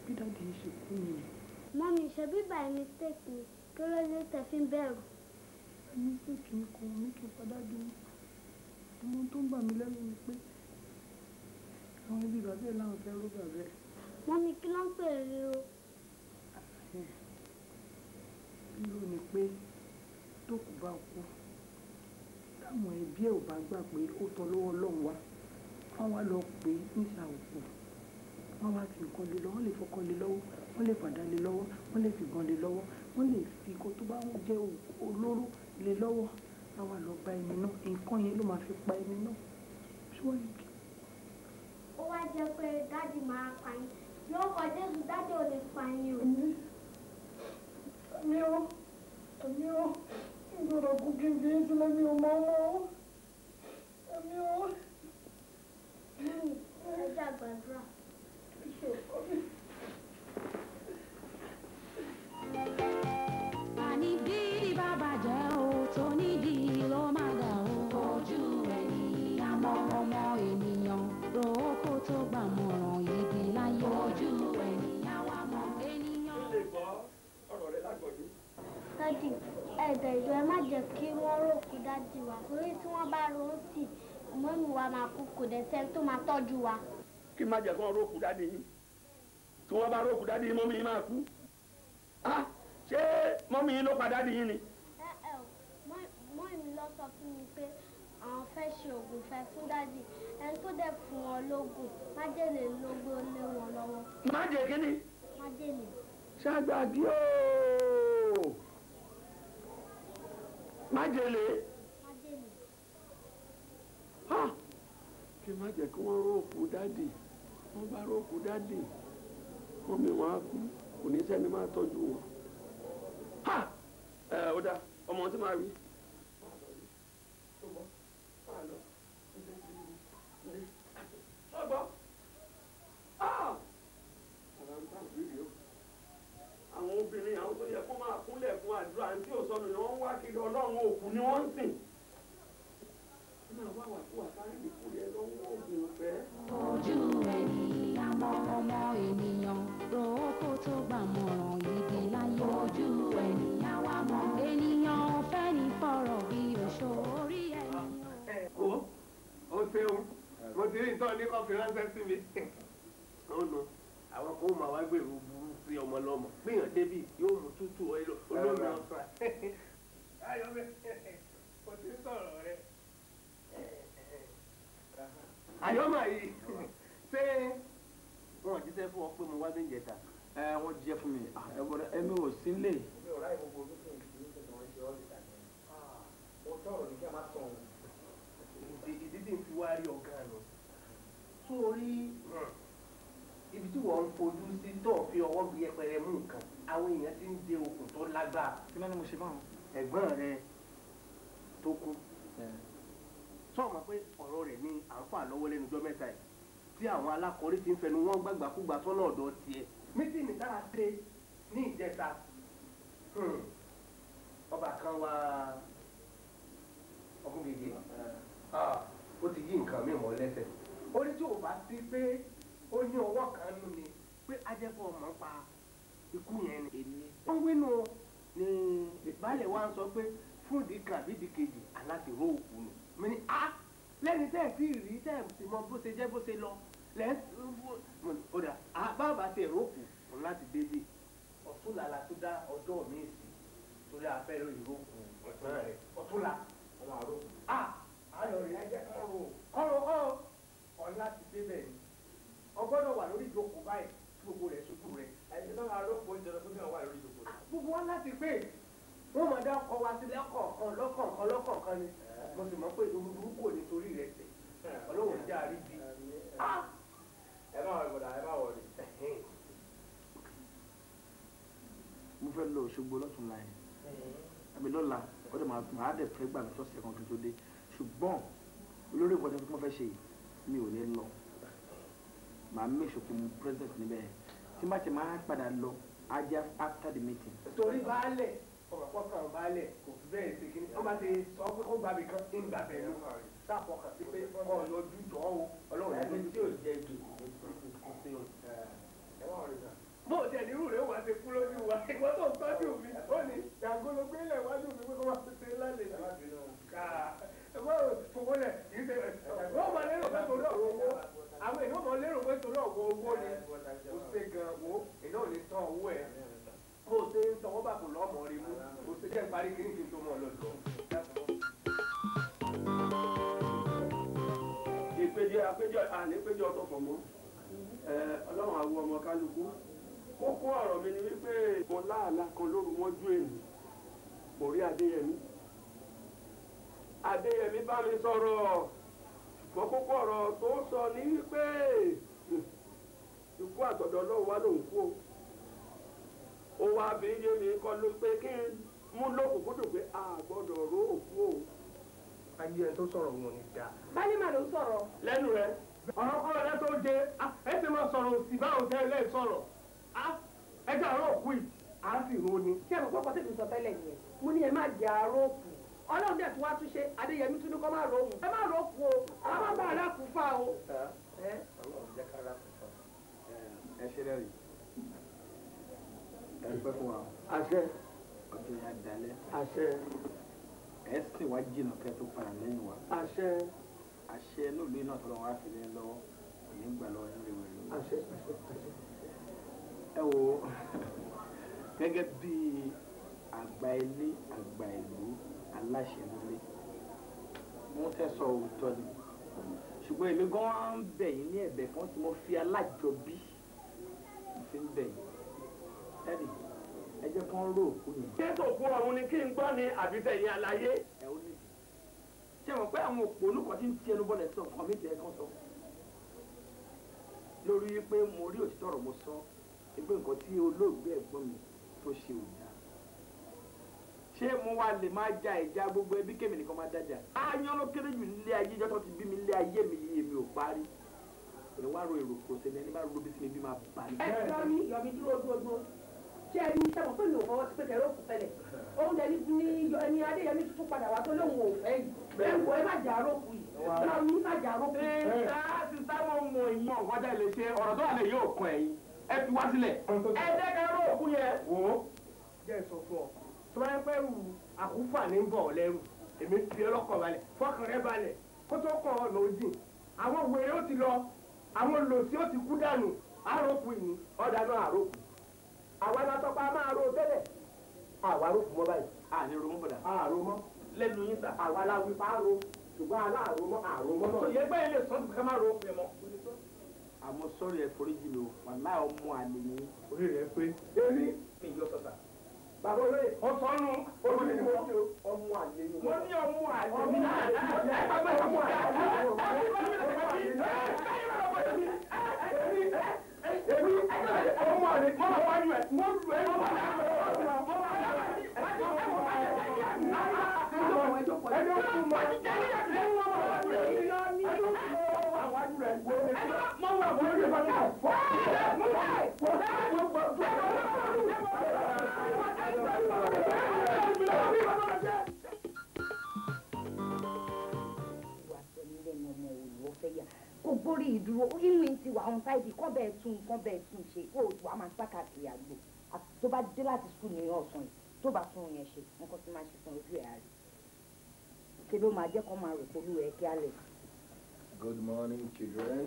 bí dáàdì yín ṣe kú nìyẹn. mọ́mí ṣe bíbá ẹ̀ mistake ni kí ló dé tẹ̀ fi ń bẹ̀rù. mistake ni kò mí kí n padà dùn ọmọ tó ń bà mí lẹ́nu ni pé àwọn ibi bàbá ẹ̀ láwọn fẹ́ ró bàbá ẹ̀. mọ́mí kí ló ń pè é ríro. ríro ni pé tó kù bá kú táwọn ẹbí ẹ̀ ò bá gbà pé ó tọ́ lọ́wọ́ Ọlọ́run wa wọ́n wá lọ pé níta òkú wọ́n wá fi nǹkan lé lọ́wọ́ wọ́n lè fọkàn lé lọ́wọ́ wọ́n lè fàdá lé lọ́wọ́ wọ́n lè fìbọn lé lọ́wọ́ wọ́n lè fi kó tó bá ń jẹ́ olóró lé lọ́wọ́ àwa lọ bá ẹni náà nǹkan yẹn ló máa fi pa ẹni náà ṣíwájú kí. ó wá jẹ́ pé dáàdì máa pa yín yóò kọ jésù dáàdì ò lè pa yín o. mi ò mi ò. Dora cu ghimbințele meu, mamă! Meu! Nu te-a bărbrat. Ce-o mọ́mí wa máa kú kò dẹ̀ sẹ́ni tó máa tọ́jú wa. kí má jẹ́ kán rókù dáadé yín tí wọ́n bá rókù dáadé yín mọ́mí yín máa kú ah, ṣé mọ́mí yín ló pa dáadé yín ni. ẹ ẹ mọ́mí lọ sọ fún mi pé àwọn fẹ́ ṣe oògùn fẹ́ fún dáadé ẹni tó dẹ̀ fún wọn lóògùn májèlé lógbó lé wọn lọ́wọ́. májèlé kí ni. májèlé. ṣàgbàgbé ooo májèlé. kí n má jẹ́ kí wọ́n ró òkú dáàdì wọ́n bá ró dáàdì wọ́n mi wọ́n á kú kò ní sẹ́ni máa tọ́jú wọn. ẹ ọ dá ọmọ tí máa rí. àwọn obìnrin àwọn tó yẹ kó máa kúnlẹ̀ fún àdúrà tí ò sọnù ni wọ́n ń wá kiri ọlọ́run òkú ni wọ́n ń sìn. ọmọ ènìyàn ro kó tó gbàmọ̀ràn gidi láyé ojú ènìyàn wà mọ́ ènìyàn fẹ́ ní fọ̀rọ̀ bí oṣó orí ẹni. o o ṣeun mo ti rí ìtọ́ ní kọfí ránṣẹ́ sí mi àwọn kan máa wá gbèrú burú sí ọmọ lọmọ gbìyàn débi yóò mú tútù olómi ọsàn. ayọ̀bẹ kò tí ń sọ̀rọ̀ rẹ. ayọ̀mọ̀ yìí <laughs> ṣé wọn jíṣẹ́ fún ọ pé mo wá ní ìjẹta. ẹ wọn jíṣẹ́ fún mi ẹwọrẹ ah, ẹmi ò sí lè. Ah, ìdídì ń fi wá rí ọ̀gá lọ sórí ibi tí wọ́n ń fojú sí tó fi ọwọ́ bí ẹpẹrẹ mú nǹkan àwọn èèyàn ti ń de okùn tó lágbára. kí ló ní mo ṣe báwọn. ẹ̀gbọ́n rẹ tó kú sọ ma pé ọ̀rọ̀ rẹ̀ ni à ń fà lọ́wọ́ lẹ́nu ọjọ́ mẹ́ta yìí tí àwọn alákọ̀ọ́rí ti ń fẹnu wọn gbàgbàkúgbà sọ́nà ọ̀dọ̀ tiẹ̀ mítìnì tá a ṣe ní ìjẹta hmm, ọba kan wá ọkùn gègé ah, ó ti yí nǹkan mi mọ́ lẹ́sẹ̀ ó ní tí o bá sí pé ó ní ọwọ́ kan nù ni pé ajẹ́fọ́ ọmọ pa ikú yẹn ni. wọ́n wínú ni ìbálẹ̀ wa ń sọ pé fún ìdí kan àbí ìdí kejì aláti ró òkú nù. mi ni a ah, lẹ́ni tẹ́ ẹ̀ tí ì rí tẹ́ ẹ̀ sì bó ṣe jẹ́ bó ṣe lọ lẹ́sùn ọ̀dà àbábà tẹ̀ rókù òun láti débè ọ̀túnla la tún dá ọjọ́ mi sí torí afẹ́rẹ́ ìrókù ọ̀túnla ọmọ àrókù. a ayọ̀ rẹ̀ ẹjẹ́ kọ́rọ̀ kọ́rọ̀ kọ́rọ̀ ọ̀n láti débẹ̀ ni ọgbọ́dọ̀ wà lórí ìjókòó báyìí tí gbogbo rẹ̀ ṣubú rẹ̀ ẹ̀jẹ̀ náà àrókù oúnjẹ lọ sókè wà lórí ìjókòó rẹ̀. gbogbo wọn láti pè wọn máa dá ọkọ wa sí lẹ́kọ̀ọ̀kan lọ́kọ̀ọ̀kan lọ́kọ̀ọ̀kan ni mo sì mọ̀ pé olúburúkú ò ní torí rẹ̀ tẹ̀ ọlọ́wọ́n jẹ́ àríbi ẹ bá wọlé. mo fẹ́ lọ Òṣogbo lọ́tún la yẹn àbí lọ́la ó dẹ̀ máa dẹ̀ fẹ́ gbà mí sọ́sẹ̀ kan kí n tó dé ṣùgbọ́n olórí ìkọ́jà tí mo fẹ́ ṣe mi ò ní lọ màá mẹ́sọ̀ pé mo present níbẹ̀ tí má ti máa padà lọ ajá after the meeting. torí baálẹ̀ ọ̀rọ̀ pọ̀kàn baálẹ̀ kò fi bẹ́ẹ̀ ṣe kíní ó bá ti sọ pé ó gbàgbé kan ń gbàgbé ló sáà fọkàn sí pé ọ̀nà jọ̀ọ́ o ọlọ́run ẹni tí jẹ́ jù bó o tẹ̀lé irú rẹ̀ wá ti kú lójú wa ìwọ tó ń tọ́jú mi ó ní ìyàgolo gbélé wájú mi pé kó máa fi ṣe lálẹ́ ká ẹgbẹ́ òfòwò rẹ̀ kìí ṣe ẹgbẹ́ ọmọ lérò pé torí ọ̀wọ́ owó àwọn èèyàn ọmọ lérò o ṣe gan wo o ṣe ń tọwọ́ bàbò lọ́mọ rí mú o ṣe jẹ́ parí kí n kí n tó mọ̀ lọ́dọ̀ ìpéjọ àpéjọ àlépéjọ tó fọ̀ mọ́ ọlọ́run àwọ ọmọ kálukú kókó ọ̀rọ̀ mi ni wípé mo láàlá kan lóru mọ́jú èmi mo rí adéyẹmí adéyẹmí bá mi sọ̀rọ̀ ṣùgbọ́n kókó ọ̀rọ̀ tó sọ ni wípé hmm, ikú àtọ̀dọ̀ ọlọ́run wá lòun kú o ó wá bí yé mi kọ́ ló pé kí n mú lókùnkúndùn pé a gbọ́dọ̀ ró òkú o. ayé ẹ tó sọ̀rọ̀ wọn ni dáa. bálí màá ló sọ̀rọ̀. lẹ́nu rẹ̀ ọ̀rọ̀ kọ́ ọ̀rẹ́ tó de ẹ ti máa sọ̀rọ̀ òsì báwo tẹ́ ilé sọ̀rọ̀ ẹ jẹ́ àárọ̀ òkú yìí á sì ro ni. ṣé ẹ̀rọ pọ́pọ́ tètè sọ tẹ́lẹ̀ yẹn mo ní ẹ má jẹ àárọ̀ òkú ọlọ́run dẹ̀ tún wá tún ṣe adéyẹmí tún ní kọ́ má ròhùn ẹ má ròkù o a má bá ara kù fà o. ọlọ́run jẹ́ ká ara é fà ẹ ṣe rẹ́rìn ẹ pẹ́ fún wa. àṣẹ. ọjọ́ yà dalẹ̀. àṣẹ. ẹ sì wá jìnnà kẹ́ tó àṣẹ lóòlù iná tọrọ wá fìlẹ lọ òní gbà lọ nílé wẹ lọ. ẹ wo gẹ́gẹ́ bí àgbà ilé àgbà ìlú aláṣẹ nílé mo fẹ́ sọ òótọ́ ni ṣùgbọ́n èmi gan wá ń yín ní ẹ̀bẹ̀ kan tí mo fi alájọbí fi ń bẹ̀ yín ẹ̀rì ẹ jẹ́ kán rò òkú yìí. ṣé tòkú ọ̀run ni kí n gbọ́ ni àbí tẹ̀yìn àlàyé. ẹ ó ní ṣé wọn pé àwọn òpó olùkọ́ ti ń ti ẹnu bọ́lẹ̀ sọ nǹkan mi tẹ̀ kan sọ lórí pé mo rí òtítọ́ ọ̀rọ̀ mo sọ pé nǹkan tí olóògbé ẹ̀gbọ́n mi tó ṣe ò dáa ṣé mo wá lè máa ja ìjà gbogbo ẹbí kémi nìkan máa dájà áyán ló kéré jù nílé ayé ìjọ́ ti bí mi nílé ayé mi yìí èmi ò parí ẹ wá ro èrò kò sẹ́ni ẹni bá ro bí sí bí máa bà ní. ẹ òun dẹ̀ ní adéyẹmí tuntun padà wá tó lóun ò fẹ́ yìí ẹ̀wọ̀ ẹ má jà àrókù yìí ọ̀la mi má jà àrókù yìí. ẹ ṣáà ti táwọn ohun èyí mọ̀ wájà ilé ṣe ọ̀rọ̀ tó wà lẹ́yìn òkun ẹ̀yìn ẹ fi wá sílẹ̀. ẹ jẹ́ ká ró òkú yẹn. wò ó jẹ́ ìsọ fún ọ tó bá ń pẹ́ rù àkúfà ní bọ̀ lẹ́rù èmi fi ọlọ́kọ̀ balẹ̀ fọkàn rẹ balẹ̀ kó tó kàn ọ lọ dì àwa rògbò mọ́ báyìí. àní romọ́ bọ̀dà. àròmọ́. lẹ́nu yín sà. àwa la wí fáàrò ṣùgbọ́n aláàròmọ́ àròmọ́ náà. òye gbẹ́ ilé sọ́ọ̀tù ká má ro òfin mọ́. àmọ́ sọ́ọ̀rì ẹ̀ foríjì mi o wà láì ọmọ àlè mi. orí rẹ̀ pé. eré mi yọ sọ̀tà. bàbá olóyè. wọ́n sọ nù. olú ni mo ṣe ọmọ àlè mi. mo ní ọmọ àlè mi. ọmọ àlè mi. ẹ bàbá ọmọ àlè mi. ẹ bàbá ọmọ àlè mi. kò borí ìdúró inú yìí ti wà ọ̀hún sáìdì kọ́ bẹ́ẹ̀ tún kọ́ bẹ́ẹ̀ tún ṣe kó o wà máa sákàkiri tó bá dé láti sùn ní ọ̀sán yìí tó bá tún yẹn ṣe nǹkan tó máa ṣe fún ojú ẹ̀ àárẹ̀ kí ló máa jẹ́ kó máa rò polú ẹ̀ kí á lè. Good morning, children.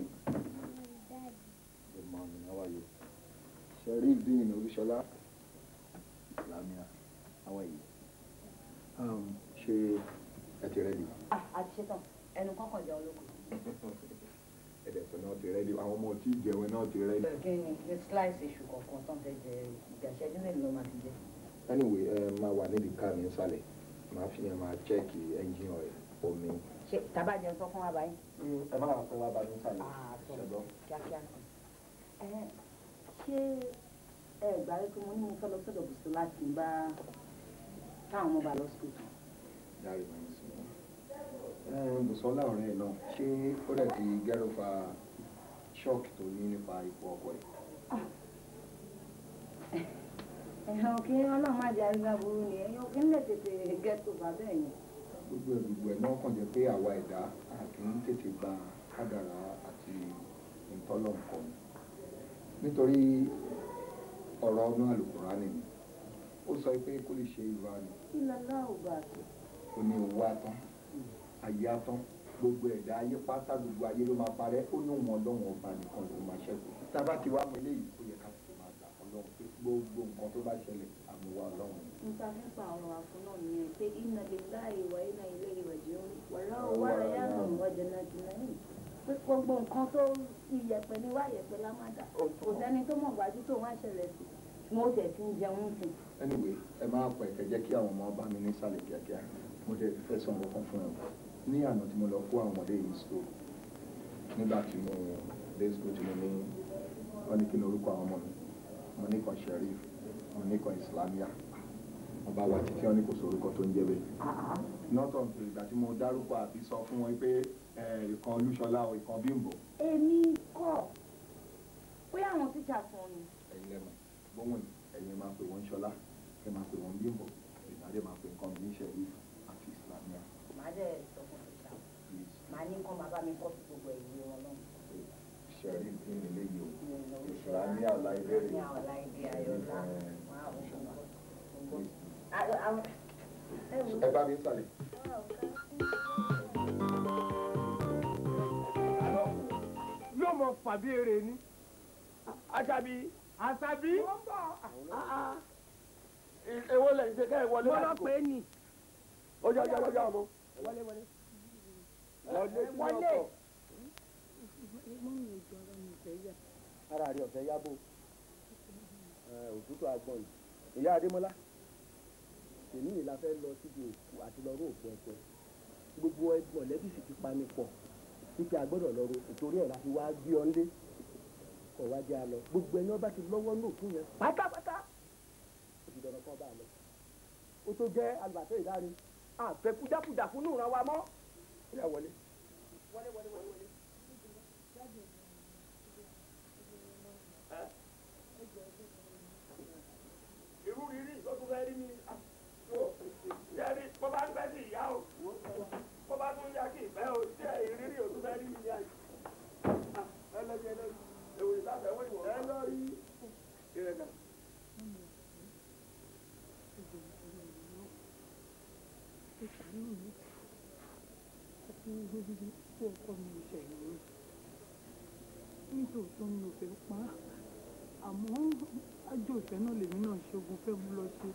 Good morning, how are you? Sheriff Sherifdeen Olúṣọlá, Lamia, how are you? Um, ṣé ẹ ti rẹ́dì? Ah, a ti ṣetán, ẹnu kọ́kọ̀ jẹ́ ológun. <laughs> Ẹ̀dẹ̀sọ̀ náà ti rẹ́dì, àwọn ọmọ tí ìjẹun náà ti rẹ́dì. Kí ni ní slice iṣu kọ̀ọ̀kan tán fẹ́ jẹ ìgbà ìṣẹ́jú mélòó máa ti jẹ? Anyway, máa wà níbi káà ní sálẹ̀ màá fi yẹn máa chẹ́ẹ̀kì ẹ́ńjìn ọ̀rẹ́ omi. ṣe tábà jẹun sọ fún wa báyìí. Mm, ẹ má pẹ́ wá bá mi sàlẹ̀ ah, ṣẹ̀dọ̀. kíákíá ṣé ẹ gbà pé mo ní mo fẹ́ lọ sọ́dọ̀ bùsùn láti bá táwọn ọmọ bá lọ sùkúù tán. yàrá ìmọ̀ ìsìn bùsọ́lá ọ̀rẹ́ náà ṣé ó dẹ̀ ti gẹ́rù fa ṣọ́ọ̀kì tó ní nípa ipò ọkọ ẹ̀. Ah ẹ̀hàn kí ọlọ́run má jẹ́ àríwá burú ni ẹ̀yọ́ kí n lè tètè gẹ́tò bàbá ẹ̀yìn. gbogbo ẹ̀gbogbo ẹ̀ náà kàn jẹ́ pé àwa ẹ̀dá àti ń tètè gba kádàrá àti ìtọ́lọ̀ nǹkan nítorí ọ̀rọ̀ ọdún àlùkùránì ni ó sọ pé kó lè ṣe ìlú àná. ìlànà ògbà tó. ó ní owó atán ayé atán gbogbo ẹ̀dá ayé pátá gbogbo ayé ló máa parẹ́ ó ní òun ọlọ́run ọba nìkan ló máa ṣẹ́kù tá a bá ti wá mọ eléyìí gbogbo nǹkan tó bá ṣẹlẹ̀ àmúwá ọlọ́run. nta fífa ọ̀rọ̀ àfún náà nìyẹn pé iná lè láàyè wá iná ilé ìrọ̀jẹ́ wàrà wàrà yá nà wọ́jà náà jù náà yìí pé gbogbo nǹkan tó iyẹ̀pẹ̀ ni wá iyẹ̀pẹ̀ la máa dà kò sẹ́ni tó mọ̀ gbájú tó wá ṣẹlẹ̀ sí mo tẹ̀ ti ń jẹun sí. anyway ẹ máa pẹ kẹ jẹ kí àwọn ọmọ bá mi nísàlẹ̀ kíákíá mo tẹ fẹ́ sọ nǹkan kan fún ẹ ní àná tí mo lọ fún àwọn ọmọdé yìí sọ nígbà tí mo dé sọ tí mo ní kí ni orúkọ àwọn ọmọ mi mo ní kan Sherif mo Islamia ọba wa títí wọn ní kò sórúkọ tó ń jẹ bẹ́ẹ̀ nọtọ ìgbà tí mo dárúkọ àbí sọ fún wọn pé ìkan Olúṣọlá o ìkan Bímbọ. èmi kọ́ bóyá àwọn tíjà kan ni. ẹ̀yin lẹmọ gbóhùn ẹ̀yin máa pè wọn Ṣọlá ẹ máa pè wọn Bímbọ ìbàdí máa pè nǹkan mi ní Sherif àti Islamia. màá dẹ̀ sọ fún ìjà màá ní kán bàbá mi kọ́ sí gbogbo ìwé wọn náà sẹ̀rífín eléyìí o ìsìlámì aláìbẹ̀rẹ̀ ẹ bá mi sàlẹ̀. yóò mọ fàbí eré ni àṣàbí àṣàbí èwo lẹ ṣe ká ẹ wọlé lọ pé ni. ó yá yá ọmọ. wọlé wọlé. wọlé tí ara rẹ̀ ọ̀fẹ́ yábò òtútù agbọ̀n yìí ìyá adémọ́lá èmi yìí la fẹ́ lọ síbi òkú àti lọ́rọ́ òkú ẹ̀jẹ̀ gbogbo ẹgbọ̀n lẹ́bí sì ti pani pọ̀ títí agbọ́dọ̀ lọ́rọ́ ìtorí ẹ̀ la fi wá gbé ọ́n lé kọ̀ wá jẹ́ alọ gbogbo ẹni ọba ti lọ́wọ́ ní òkú yẹn pátápátá òsì dọ̀nà kan bá a lọ ó tó jẹ́ alùpàtẹ́ ìdárin àfẹ́kúdákúdà fún ìran wa mọ́ ìyá wọlé wọlé wọlé wọlé. rẹ̀ nítòótọ́ mi ò fẹ́ pa á àmọ́ ájò ìfẹ́ náà lèmi náà ṣe ogun fẹ́ mú lọ ṣe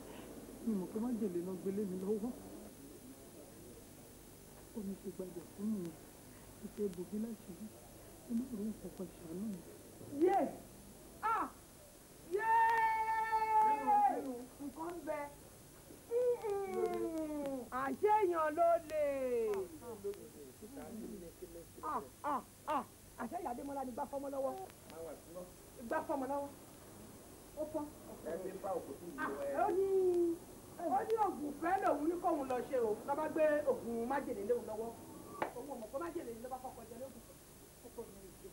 mi mọ̀ pé májèlé náà gbélé mi lọ́wọ́ omi ṣe gbàgbọ́ fún mi ìṣe bòbí láṣìírí inú ìròyìn kankan ṣàánú mi. yes ah kan bẹ àṣeyàn ló lè ah, ah, ah. àṣeyàn adémọlá ni gbá fọmọ lọ́wọ́ gbá fọmọ lọ́wọ́ ó fọ. ó ní ó ní oògùn fẹ́ lòun ní kóun lọ ṣe o lọ́ba gbé oògùn májèlé léwu lọ́wọ́ òun ò mọ̀ pé májèlé ló bá kọ́kọ́ jẹ lóògùn kọ́kọ́ mi ò jẹ́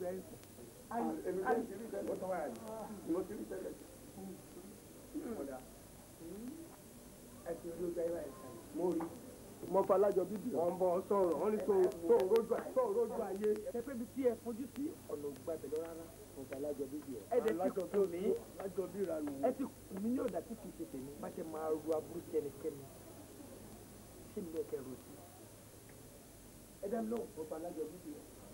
bẹ ẹ èmi tẹ́ ti rí tẹ́lẹ̀ tó wáyà ni mo ti rí tẹ́lẹ̀ kódà ẹ ti rí ọjà ìwà ẹ̀sán mo rí mo fa alájọ bíbí wọn bọ sọ̀rọ̀ wọn ní sọ̀rọ̀ rojú ayé ẹ pé bí tí ẹ fojú sí ọ̀nà ògbàbẹ̀ lọ rárá ọ̀gálájọ bíbí ẹ̀. ẹ̀dẹ̀ ti kùtù mí lájọ bí ra nù. ẹ ti kù mí ní ọ̀dà tí kì í ṣe tèmi má ṣe máa ru aburú sí ṣé mi ò kẹ́ ro sí. ẹ dá mi lóhùn ọ̀gálájọ bíbí ẹ̀.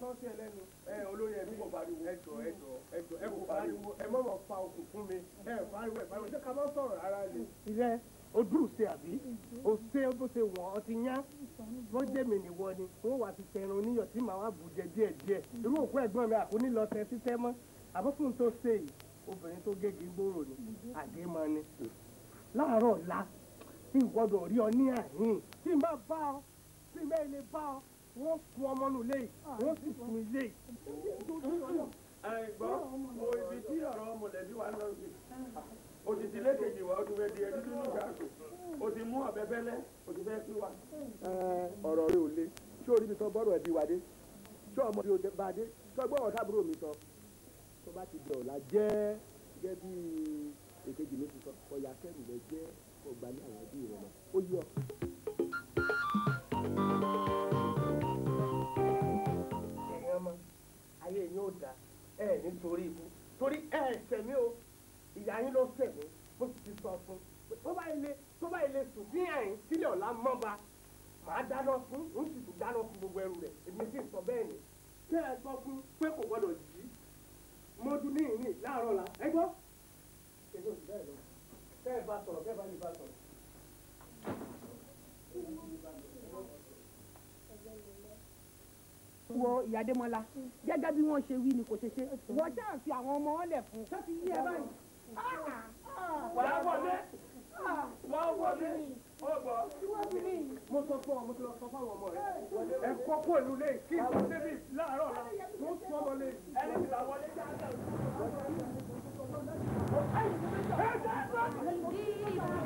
tán sí ẹlẹ́nu ẹ olórí ẹbí kò pariwo ẹjọ ẹjọ ẹjọ ẹ kò pariwo ẹ mọ̀mọ́ fa òkú fún mi ẹ pariwo ẹ pariwo ṣé ká má sọ̀rọ̀ ara rẹ. ilé ojú ṣe àbí o ṣe bó ṣe wọ̀n ọtí yá wọ́n jẹ́ mi nìwọ ni wọ́n wà ti tẹ̀rùn níyàn tí màá wà bùjẹ díẹ̀ díẹ̀ irú òkú ẹ̀gbọ́n mi àkóní lọ tẹ títẹ́ mọ́ àbọ̀fún tó ṣe yìí obìnrin tó gégi gbòòrò ni àgémọ ni láàárọ̀ ọ̀la tí ìwọ́dọ̀ rí ọ ní àhín tí n bá bá ọ tí n bá ilé bá ọ wọ́n kun ọmọ nù léyìí ah, wọ́n sì kun ilé yìí. àìgbọ́ mo ibi tí ọ̀rọ̀ mọ̀lẹ́bí wa lọ sí òtítí lẹ́kẹ̀jì wa ọdún ẹ̀dí ẹ̀dí nínú ṣáàtò o ti mú ọ̀bẹ bẹ́lẹ́ o ti fẹ́ pín wa. ọ̀rọ̀ rẹ ò le ṣé o rí mi sọ bọ́rọ̀ ẹ̀bí wa dé ṣé ọmọ mi ò bá dé ṣé ọgbọ́n ọ̀tá àbúrò mi sọ tó bá ti bẹ̀ ọ̀la jẹ́ gẹ́gẹ́ bí èkejì mi ti sọ ọ̀yà kẹ́rù rẹ jẹ́ ọgbà ní àwọn ẹbí rẹ lọ ó yí ọ. ayé yín ò dá ẹ nítorí ibú torí ẹ ṣẹ̀mí o ìyá yín ló ṣẹ̀mí mo sì ti sọ fún tó bá ilé tó bá ilé sùn ní ẹ̀yìn sílẹ̀ ọ̀la mọ́ba màá dáná fún ń sì tún dáná fún gbogbo ẹrù rẹ̀ èmi sì sọ bẹ́ẹ̀ ni tẹ́ ẹ gbọ́ fún pé kò gbọ́dọ̀ jí mo dún ní ìrìn láàárọ̀ la ẹ gbọ́ ṣètò ẹ bá sọ̀rọ̀ tẹ́ bá ní bá sọ̀rọ̀. wo ìyàdémọ́lá gẹ́gẹ́ bí wọ́n ṣe wí ni kò ṣe ṣe wọ́n ṣáà fi àwọn ọmọ wọn lẹ̀ fún. ṣé ti yí ẹ báyìí. wàá wọlé wàá wọlé ọgbọ. mo sọ fún ọ mo ti lọ sọ fáwọn ọmọ rẹ. ẹ kọ́ kó ìlú lè kí ìlú débi láàárọ̀ la tó sọ lọ lè. ẹni tí làwọn lè dáadáa. ẹ jẹ́ ẹ sọ́ọ̀tì.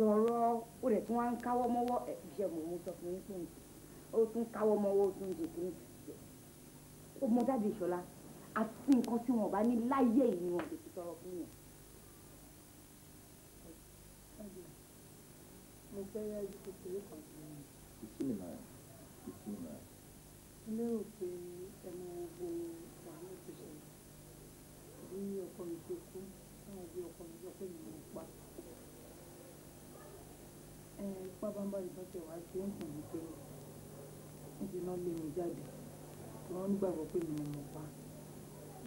ẹ̀sùn ọ̀rọ̀ ó rẹ̀ tí wọ́n ń káwọ́ mọ́wọ́ ẹ̀jẹ̀ mò ń sọ fún yín fún mi ó tún káwọ́ mọ́wọ́ ó tún jèkì ní ó mọ dáàbì ìṣọ̀lá àti nǹkan tí wọn bá ní láyé ìníwọ̀n lè fi sọ̀rọ̀ fún yẹn. mo fẹ́ yá ju kékeré kan sí mi. ìsinmi náà ìsinmi náà. lérò pé ẹnu gbogbo wàhálà ti ṣẹlẹ̀ bí ọkọ mi ṣe kú táwọn bí ọkọ mi sọ pé pábánbá ìbọ̀tẹ̀ wá ṣe ń kùn mí pé níbi náà lé mi jáde tí wọ́n gbàgbọ́ pé mi ò mọ̀ pa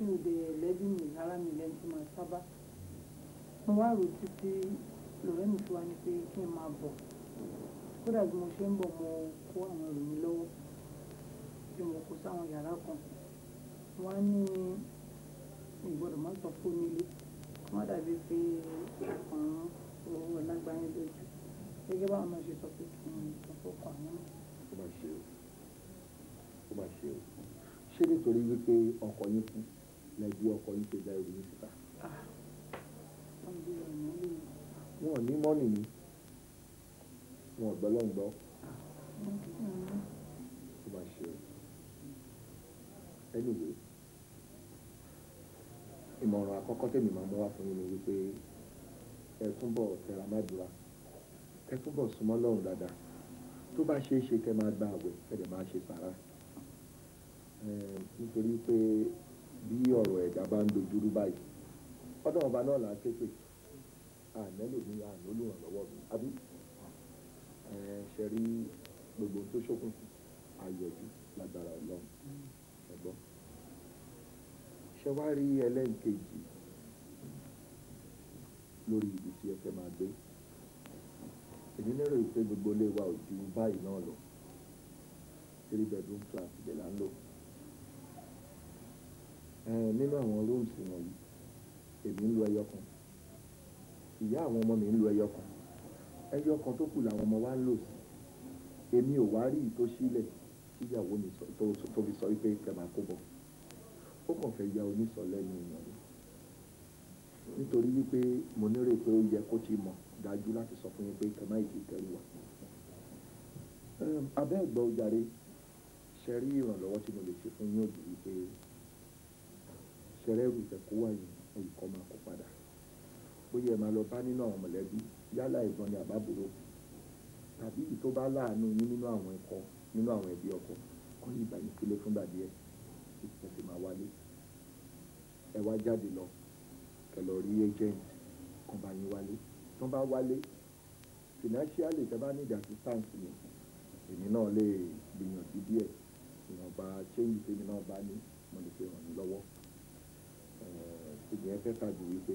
mi ò dẹ̀ lẹ́bí mi rárá mi lẹ́nu tí màá sábà mo wá rò títí lọ́rẹ́ mi fi wá ní pé kí n máa bọ̀ kódà bí mo ṣe ń bọ̀ mo kó àwọn èrò mi lọ́wọ́ bí mo kó sáwọn yàrá kan wọ́n á ní ìgbọ́dọ̀ má sọ fún mi lé wọ́n dàbí pé ọ̀run owó ọlágbáyé lójú gẹ́gẹ́ báwọn náà ṣe sọ pé kí n sọ fún ọkọ àwọn náà. ó bá ṣe o ó bá ṣe o ṣé nítorí wípé ọkọ yín kú lẹ́gbẹ́ ọkọ yín ṣe dá ìròyìn síta. Ah. wọn ò ní mọ́nì ni wọn ò gbọ́lọ́ ń gbọ́. Ah. ó bá ṣe o ẹnìwé ìmọ̀ràn àkọ́kọ́ tèmi máa mú wá fún yín ni wípé ẹ túbọ̀ súnmọ́ lọ́rùn dáadáa tó bá ṣeé ṣe kẹ́ máa gba àwẹ̀ kẹ́ dẹ̀ máa ṣe sàrà nítorí pé bí ọ̀rọ̀ ẹ̀dá bá ń dojúrú báyìí ọdún ọba náà là á képe ànẹ́lò mi àná olùrànlọ́wọ́ mi àbí ṣe rí gbogbo tó ṣókùnkùn ayọ̀jú lágbára ọlọ́run ẹ̀gbọ́n ṣe wá rí ẹlẹ́nkejì lórí ibi tí ẹ fẹ́ máa gbé èmi lérò pé gbogbo ilé wa ò ju báyìí náà lọ three bedroom flat ibẹ̀ là ń lò nínú àwọn rooms wọ̀nyí èmi ń lo ẹyọ kan ìyá àwọn ọmọ mi ń lo ẹyọ kan ẹyọ kan tó kù làwọn ọmọ wa ń lò sí èmi ò wá rí ìtó sílẹ̀ tíyàwó mi tó fi sọ wípé kẹ́ máa kó bọ̀ ó kàn fẹ́ ya onísọ lẹ́nu ìyàn nítorí wípé mo nírò pé ó yẹ kó ti mọ̀ dájú láti sọ fún yín pé kàmá ìdí ìtẹ́rù wa. abẹ́ ẹ̀gbọ́n ojàre ṣe rí ìrànlọ́wọ́ tí mo lè ṣe fún yín òbí wípé ṣẹrẹ́rù ìfẹ́kọ́ wà yìí olùkọ́ máa kó padà bóyá ẹ máa lọ bá nínú àwọn mọ̀lẹ́bí yálà ìbọn ni àbábòrò tàbí tó bá láàánú yín nínú àwọn ẹ̀kọ́ nínú àwọn ẹbí ọkọ kọ́ ní ìgbà yín sílé fúngbà díẹ̀ ẹ sì máa wálé ẹ wá jáde lọ kẹ́ rí agent kan bá yín wálé tó bá wálé financially tó bá need assistance mi èmi náà lè gbìyànjú díẹ̀ ìwọ̀nba change tèmi náà bá ní mo lè fi ràn lọ́wọ́ ìgbìyànjú fẹ́ tàbí wípé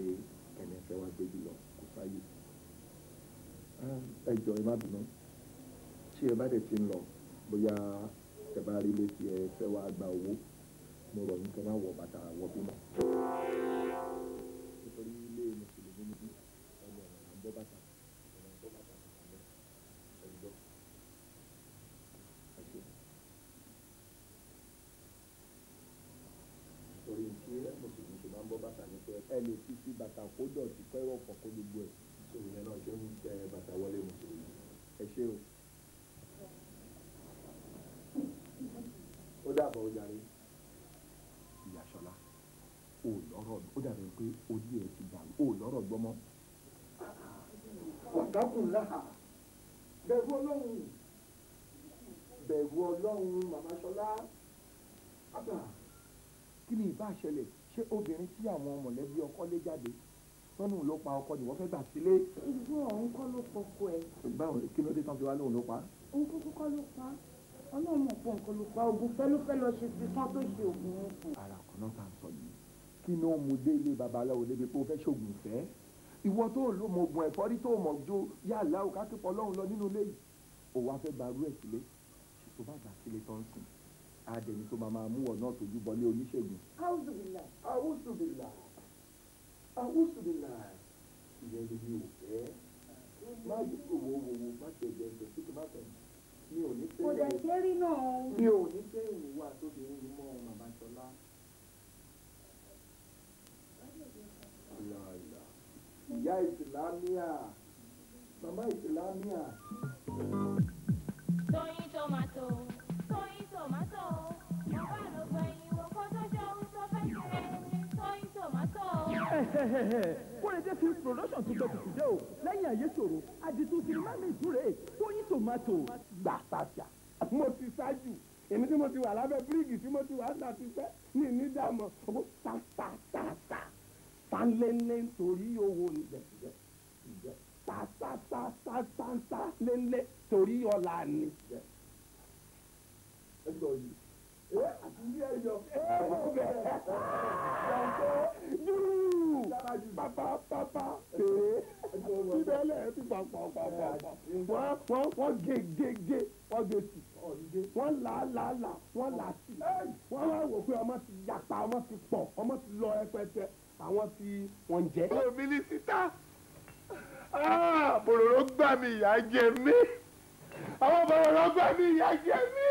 ẹni ẹ̀fẹ́ wa gbé jùlọ kò sáyé ẹ ẹ má bínú tí ẹ bá dẹ̀ ti ń lọ bóyá ẹ bá rí létí ẹ fẹ́ wá gba owó mo rọ̀ yín kẹ́ má wọ bàtà wọ bímọ. tó bá ta ìṣẹ̀lẹ̀ tó bá ta àlẹ́ ẹ̀gbọ́n. torí tí mùsùlùmí ṣe máa ń bọ́ bàtà ní pé ẹ lè fi sí bàtà kó dọ̀tí pé wọ́n kọ̀ kó gbogbo ẹ̀. sórí ẹ náà ṣe ń tẹ bàtà wọlé mùsùlùmí. ẹ ṣé o. ó dàbọ̀ ó jàre. ìyá sọlá ò lọ́rọ̀ ó dàbẹ̀ pé ojú ẹ̀ ti dàrú ò lọ́rọ̀ gbọ́mọ́ àgbákùn láhà bẹ̀rù ọlọ́run bẹ̀rù ọlọ́run màmá ṣọlá àbà kí ni ìbá ṣẹlẹ̀ ṣé obìnrin tí àwọn mọ̀lẹ́bí ọkọ lé jáde tọ́nù ló pa ọkọ ni wọ́n fẹ́ gbà sílé. ìlú ọ̀hún kọ́ ló pọkọ ẹ̀. báwo kí ló dé tán fi wá lóhùn ló pa. òun kúkú kọ́ ló pa ọlọ́run mọ̀ nǹkan ló pa ogun fẹ́lúfẹ́ lọ ṣe ti tán tó ṣe oògùn òkun. ara náà tá sọ yìí kí ni ó mu dé babaláwo lébi pé ó fẹ́ ṣoògùn ìfẹ́ ìwọ tó ń lo mo bùn ẹ̀fọ́rí tó mọ̀ jó yàrá o kákẹ́kọ̀ọ́ ọlọ́run lọ nínú ilé yìí ò wá fẹ́ gbarú ẹ̀ sílé tó bá gbà sílé tó ń àdèmí tó máa máa mú ọ̀ náà tójú bọlé oníṣègùn. àwùsùbìlà àwùsùbìlà àwùsùbìlà ìyẹn ni mi ò fẹ́ má yí òwò òwò má tẹ̀lé ẹ̀jẹ̀ tó tó bá tẹ̀lé mi ò ní fẹ́ mi ò ní fẹ́ ìwò àtòbìnrin mọ́ màmá ìyá ìsìlámíà màmá ìsìlámíà. Tóyìn tòmátò Tóyìn tòmátò bàbá ló gbẹ ìwò kó tó jẹ ohun tó fẹ́ ṣe Tóyìn tòmátò. Kórèdé fi production tuntun tuntun dé o lẹ́yìn àyè ṣòro àdìtún sinimá mi ìtúre Tóyìn tòmátò gbà pàṣà. Mo ti ṣáájú èmi tí mo ti wà lábẹ́ bíríìgì tí mo ti wà láti pẹ́ ní ìnídàmọ̀ ọ̀pọ̀ tàtàtàtà tánlélé torí owó níbẹ̀ tátátátátá lélé torí ọ̀la ni. Yúú! Bàbá bàbá pèé. Ibẹ̀lẹ̀ ti gbà pọ̀ pọ̀ pọ̀ pọ̀. Wọ́n wọ́n wọ́n gé gé gé wọ́n gé sí. Wọ́n là á là á là wọ́n là á sí. Wọ́n wá wò pé ọmọ ti yàpá ọmọ ti pọ̀ ọmọ ti lọ ẹpẹtẹ àwọn tí wọ́n jẹ́. o mínísítà ah, bòròró gbà mí ìyà jẹ mí àwọn bòròró gbà mí ìyà jẹ mí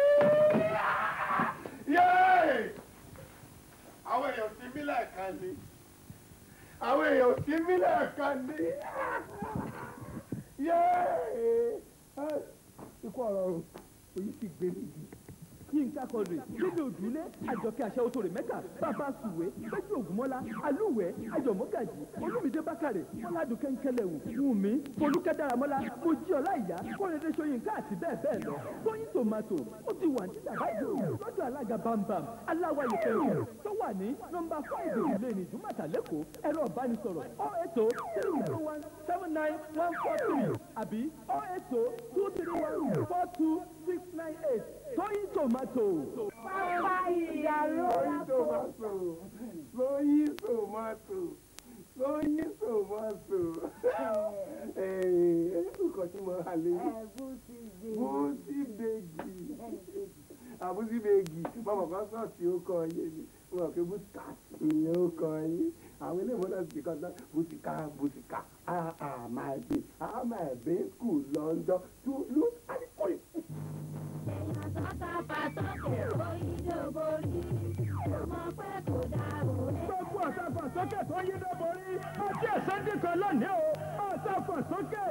àwọn èèyàn ti mí lẹ́ẹ̀kan ni àwọn èèyàn ti mí lẹ́ẹ̀kan ni ah, ikú ọ̀rọ̀ òyì ti gbé mi jù yínká kọlùrì dédé òdúlé àjọkẹ́ àṣẹ otòrè bàbá sùwé bẹ́jú ògúnmọ́lá alúwẹ̀ àjọmọ́gàjì olúmídé bákàrẹ̀ fọládùkẹ́ ńkẹlẹ̀wù wùmí folúkẹ́ dáramọ́lá mojí ọlá ìyá kórèdè àti bẹ́ẹ̀ bẹ́ẹ̀ lọ tóyìn tòmátò ó ti wà ní dàbáyò lọ́dọ̀ alága bámbám aláwa ìfẹ̀yẹ̀ tó wà ní nọmba fáìlì ilé ní ìdúmọ̀tà lẹ́kọ̀ọ́ ẹ̀rọ ìbánisọ̀rọ̀ oh eight oh three zero one seven nine one four three àbí oh eight oh two three one four two nine eight tomato. pápá ìyá lóra tomato Toyin tomato Toyin tomato <laughs> eh, ẹ̀ẹ́dùkọ̀ tí mo hà lẹ́yìn bùsí bègì àbúsí bègì mọ̀mọ́ kan sọ̀tì ó kọ́ ọ yé mi wọn kì í bùsùkà ìyẹn ó kan yín àwọn ilé ìmọ̀lá ti kàn sá bùsùkà bùsùkà a máa gbé a máa gbé kù lọ́jọ́ tó ló àdìkò yìí. èèyàn tó ta pàtókè dòbò rí ọmọ pé kò dárò. gbogbo ọ̀sàfà sókè tó yí dòbò rí ọtí ẹ̀sẹ̀ dìkan lónìí o ọ̀sàfà sókè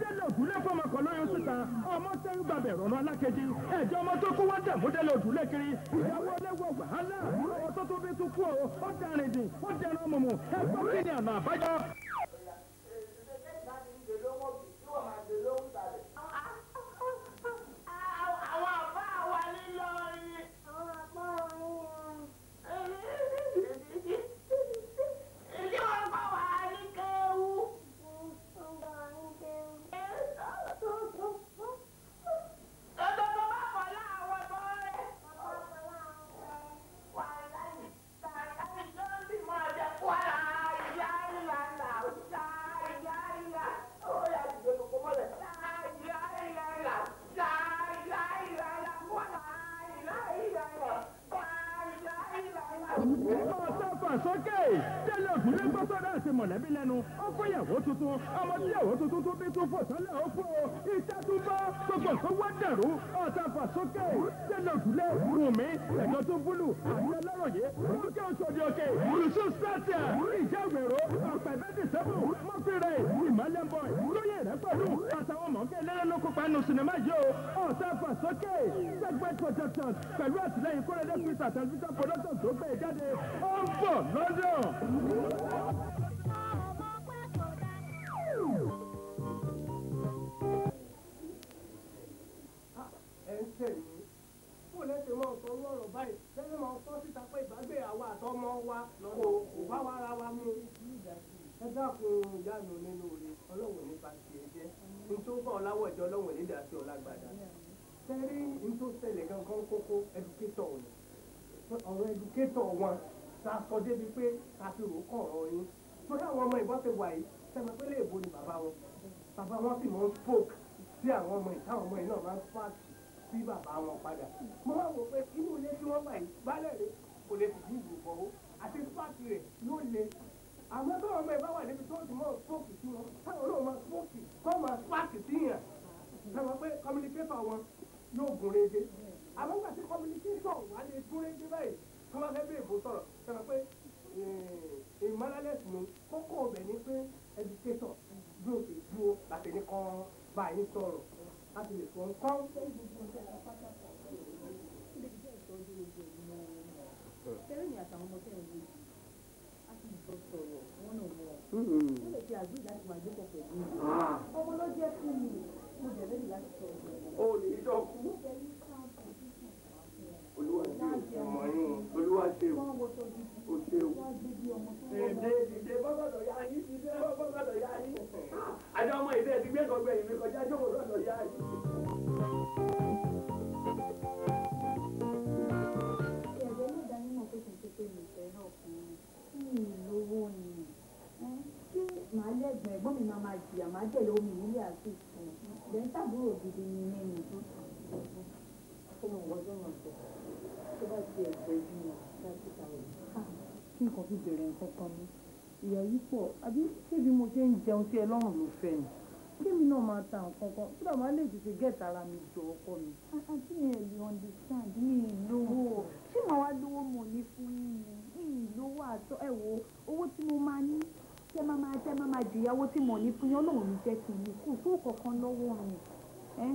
délé òdúlé fọmọkàn lóyún síta ọmọ tẹ́rù bàbẹ̀ rọ̀nà alákejì ẹ̀jọ̀ ọmọ tó kú wá dàmú tó dé tó kú ọ ó dàrin dì ó dẹran mọ̀mọ́ ẹgbẹ́ kí ni ọ̀nà àbájọ. circunstância. láwọ̀jọ́ lọ́wọ́ nídàá sí ọlágbádá sẹ́rí nítorí ṣẹlẹ̀ gangan kókó ẹdùkétọ̀ ni ọ̀rọ̀ ẹdùkétọ̀ wọn ta sọ débi pé ta fi rò kọ̀ ọ̀rọ̀ yín torí àwọn ọmọ ìbọn ti wà yìí sẹ́mi pé lè bo ni bàbá wọn bàbá wọn sì máa ń spoke sí àwọn ọmọ ìtàwọn ọmọ yìí náà máa ń fàtì sí bàbá wọn padà mo máa wò pé inú ilé tí wọ́n wà yìí gbálẹ̀ rẹ̀ kò lè fìdí àmọ́ tó ọmọ ẹ bá wà níbi tó ti mọ́ fóòkì sí wọn táwọn náà máa fóòkì kọ́ máa fáàkì sí yàn lọ́wọ́ pé communicator wọn yóò gún régé àmọ́ gbà tí communicator wà lè gún régé báyìí tó bá fẹ́ bí èbó sọ̀rọ̀ lọ́wọ́ pé ìmọ̀lálẹ̀ eh, sí ni kókó ọbẹ̀ ni pé educator yóò fi dúró láti ní kọ́ báyìí sọ̀rọ̀ láti lè fọ́n ń gbé àti ìjọ ó lè fi àgbè láti máa jókòó pẹ̀lú mi ọmọ ló jẹ́ fún mi mo jẹ̀ lẹ́yìn láti sọ ọ́ ò ní jọ kú olúwa ṣe ọmọ yín olúwa ṣe o ṣe o dìde dìde bọ́gọ̀dọ̀ yá yín dìde bọ́gọ̀dọ̀ yá yín àjọ ọmọ ìdí ẹ̀ ti gbé kọ̀ọ̀gbẹ́ yìí mi kọjá jókòó lọ́dọ̀ yá yín. ẹ̀rọ ló dání mọ̀ pé kì í ṣe pé mi ìfẹ́ náà fún mi lówó ni màá lẹ́gbẹ̀ẹ́ ẹ̀gbọ́n mi máa máa jìyà màá jẹ̀yẹ omi ìwúlẹ̀ àti ìsìn lẹ́yìn sàbúrò gidi ni mi nì. kí ni ìwọ yóò ràn jẹ tó bá ti ẹ̀jẹ̀ bí mi láti sàrò. kí nǹkan fi bẹ̀rẹ̀ nǹkan kan mú ìyá yìí pọ̀ àbí ṣé bí mo ṣe ń jẹun sí ẹ lọ́rùn ló fẹ́ ni kémi náà máa ta nǹkan kan kí bàbá lè tètè gẹ̀ẹ́ta ara mi jọ ọkọ mi. àti yẹn you understand mi lówó ṣé màá wá lówó mọ̀ ní fún yín ni mi lówó àtọ́ ẹ̀wọ̀ owó tí mo máa ní jẹ́ máa máa jẹ́ máa máa jìyàwó tí mo ní fún yín ọlọ́run mi jẹ́ kí n ní kú fún kankan lọ́wọ́ rìn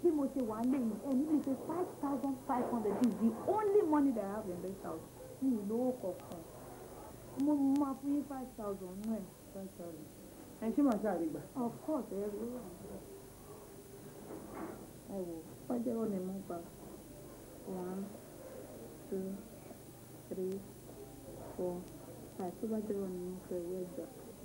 bí mo ṣe wà lé yìí ẹni mi ṣe five thousand five hundred is the only money that I have in this house mi ì lówó kankan mo máa fún yín five thousand nú ẹ̀. ẹ ṣé màá ṣáà rí of course ẹ rí wà. ẹ wò pàjẹ́ ò ní mú pa one two three four five tó bá jẹ́ ò ní mú pa ẹ̀ wẹ́ẹ̀dà.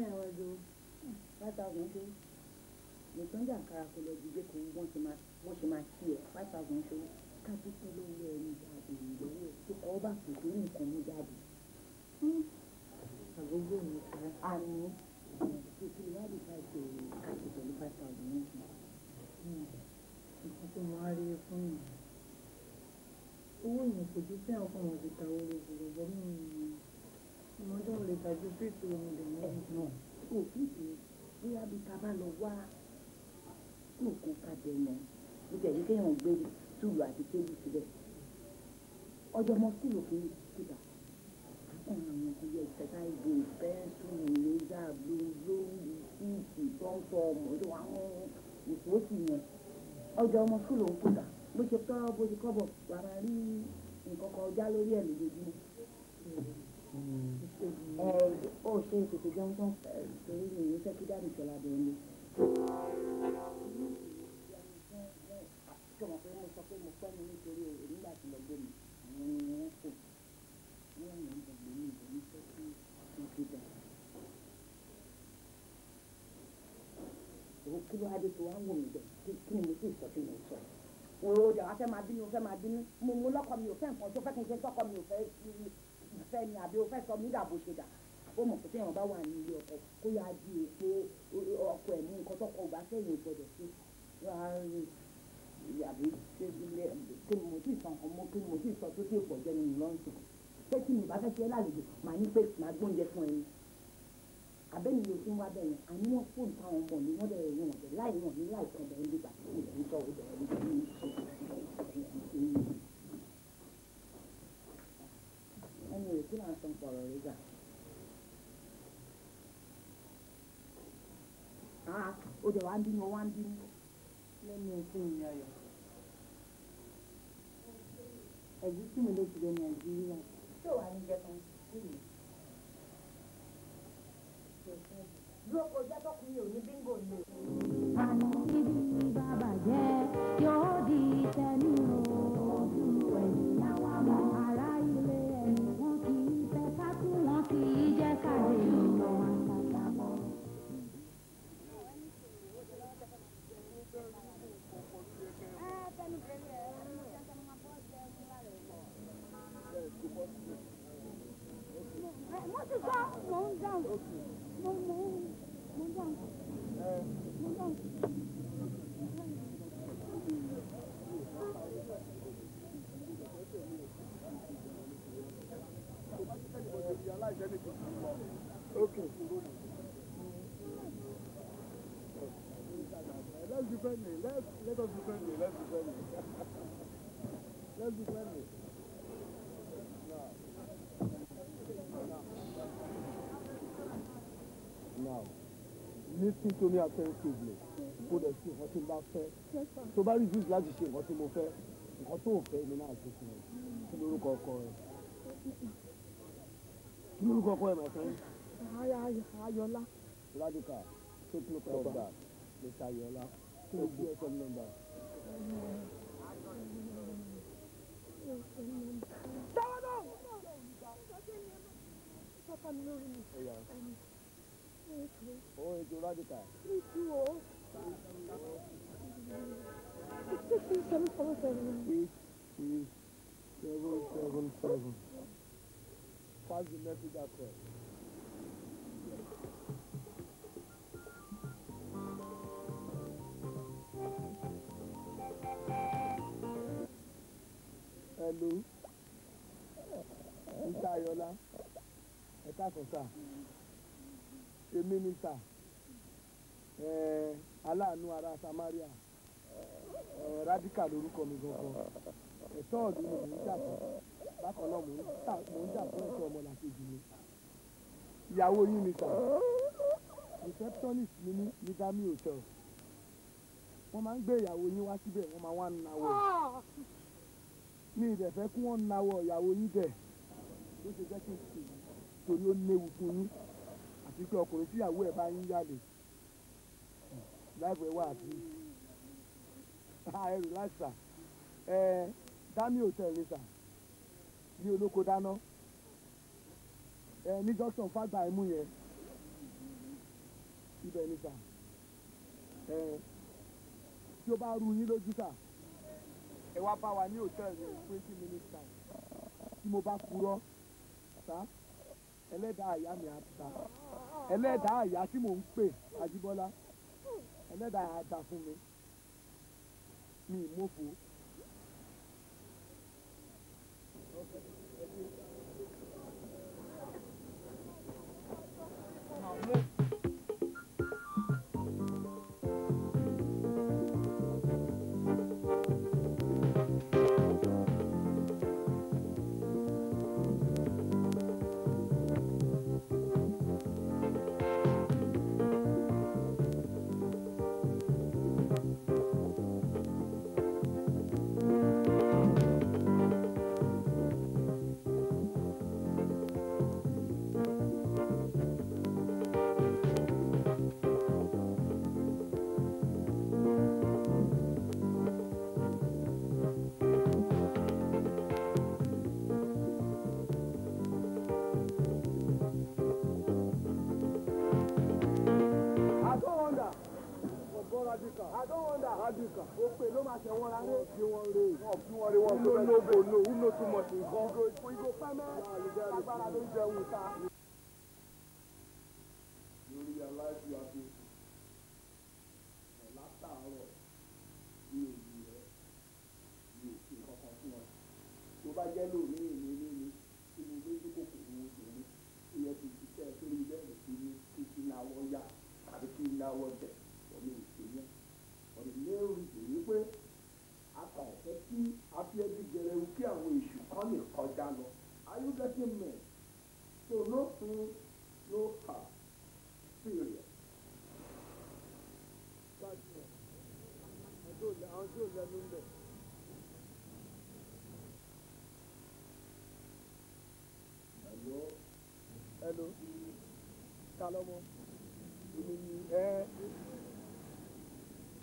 bẹ́ẹ̀ wá ju five thousand ṣe nìkan jà kárakó lọ dìde kó wọ́n ṣe máa wọ́n ṣe máa ṣí ẹ̀ five thousand ṣe kájúkú lówó ẹni jáde ìlówó tí kò bá kòtò nìkan mú jáde. àgógó mi kan àmì ìṣèṣì ìwádìí ká ṣe káṣí pẹ̀lú five thousand ní ìṣù. nǹkan tó máa rí fún mi owó ìyẹn kò ju sí àwọn ọmọ ìta owó gbogbo gbogbo nínú mo dáhùn lè tàbí fíìsì ohun lè mú un eh, náà kò fíìsì bóyá bí ká bá lọ wá kò kó ká jẹ mọ mo jẹ ní kéèyàn gbé túlù àti tébù síbẹ̀ ọjọ́ ọmọ skúlù fún kíkà ọ̀nà àwọn kò yẹ ìtẹ́ta ìgò pẹ́ńsù lẹ́jà lórí fíìsì tọ́ńtọ́ọ̀mù tó àwọn ìfòsì yẹn ọjọ́ ọmọ skúlù ń kúta bó ṣe kọ́ bó ṣe kọ́ bọ̀ wàá máa rí nǹkan kan já lórí ẹ̀ lójoojúmọ́ ẹ ó ṣe ìtètè jẹun tán torí mi ò fẹ́ kí dáàbì fẹ́ lábẹ́ omi. ṣé wọn pé mo sọ pé mo pẹ́ mi nítorí onígbà tí lọ gbé mi àwọn ni wọ́n kò wọ́n yàn ń gbàgbé mi ìbò ní fẹ́ kí wọ́n fi dà. òun kí ló adé tó wá ń wò mí bẹ̀ kí ni mo sì sọ fún mi sọ wo jà wá fẹ́ máa bínú fẹ́ máa bínú mo mú lọ́kọ mi ò fẹ́ nǹkan tó fẹ́ kí n ṣe tọ́kọ mi ò fẹ́ fẹ́ ni àbí o fẹ́ sọ mí dàbò ṣe dà ó mọ̀ pé téèyàn bá wà ní ilé ọkọ kó yáa di èpo ọkọ ẹ̀mí nǹkan tọkọ ọgbà téèyàn gbọdọ̀ sí àbí kí ni mo ti sọ nǹkan kí ni mo ti sọ tó sì pọ̀ jẹ́ nínú lọ́ńsọ̀ pé kí ni bá fẹ́ ṣe lálejò màá ní pé màá gbóúnjẹ fún ẹni àbẹ́ni ló fún wa bẹ̀rẹ̀ àní fóònù táwọn ọmọ mi wọ́n bẹ̀rẹ̀ wọn bẹ̀rẹ̀ láì wọn láì kan bẹ̀rẹ̀ nígbà tí mo ti sọ òjò ẹni tó ń sọ nínú rẹ̀ kí là ń sọ pọ̀rọ̀ rẹ̀ gbà. Ah, ó dẹ̀ wá ń bínú wá ń bínú lẹ́nu ẹ̀sìn ìyá yọ. ẹ̀jú tí mo lè ti lọ nàìjíríà. tó wà ní jẹun sí mi. dúró kọjá tọkùnrin ò ní bíngò ni. friendly. Let's, let us be friendly. Let's be friendly. Let's be friendly. No. Now, listen to me attentively. Kó dẹ̀ sí nǹkan tí n bá fẹ́. Tó bá refuse láti ṣe What tí mo fẹ́, nǹkan tó you mi náà ṣe fún ẹ. Kí lorúkọ ọkọ rẹ? Kí lorúkọ ọkọ rẹ máa fẹ́? Ayọ̀lá. Radical, take look at that. Mr. Ayọ̀lá. tudo. Oi, do lado de cá. Seven, seven, seven. Seven, seven, seven. Quase o metro da frente. káfíńsà ṣe ara Samaria radical lórúkọ mi gangan ẹ̀tọ́ ọ̀dún ni mò ń jà fún bákan náà mò ń jà fún ẹ̀tọ́ ọmọlàkejì mi ìyàwó mi sà receptionist mi ní nigami hotel wọ́n nwa ń mi nítorí ó léwu fún yín àti pé ọkùnrin tíyàwó ẹ̀ bá yín yàlè láìpẹ́ wà àbí ẹrù láṣà ẹ dami hotel ni sà ní olóko dáná ẹ ní junction fàgbà ẹmú yẹn ibẹ̀ ni sà ẹ tí ó bá ru yín lójú sà ẹ wá bá wa ní hotel ní twenty minutes time tí mo bá kúrò sà ẹlẹ́dàá àyà mi àgbà ẹlẹ́dàá àyà tí mò ń pè Ajíbọ́lá ẹlẹ́dàá àyà àgbà fún mi mi ì Okay. them without you. You realize tí ò lẹ́nu lẹ̀. Hello. Ta lọ́mọ? Èmi ni ẹ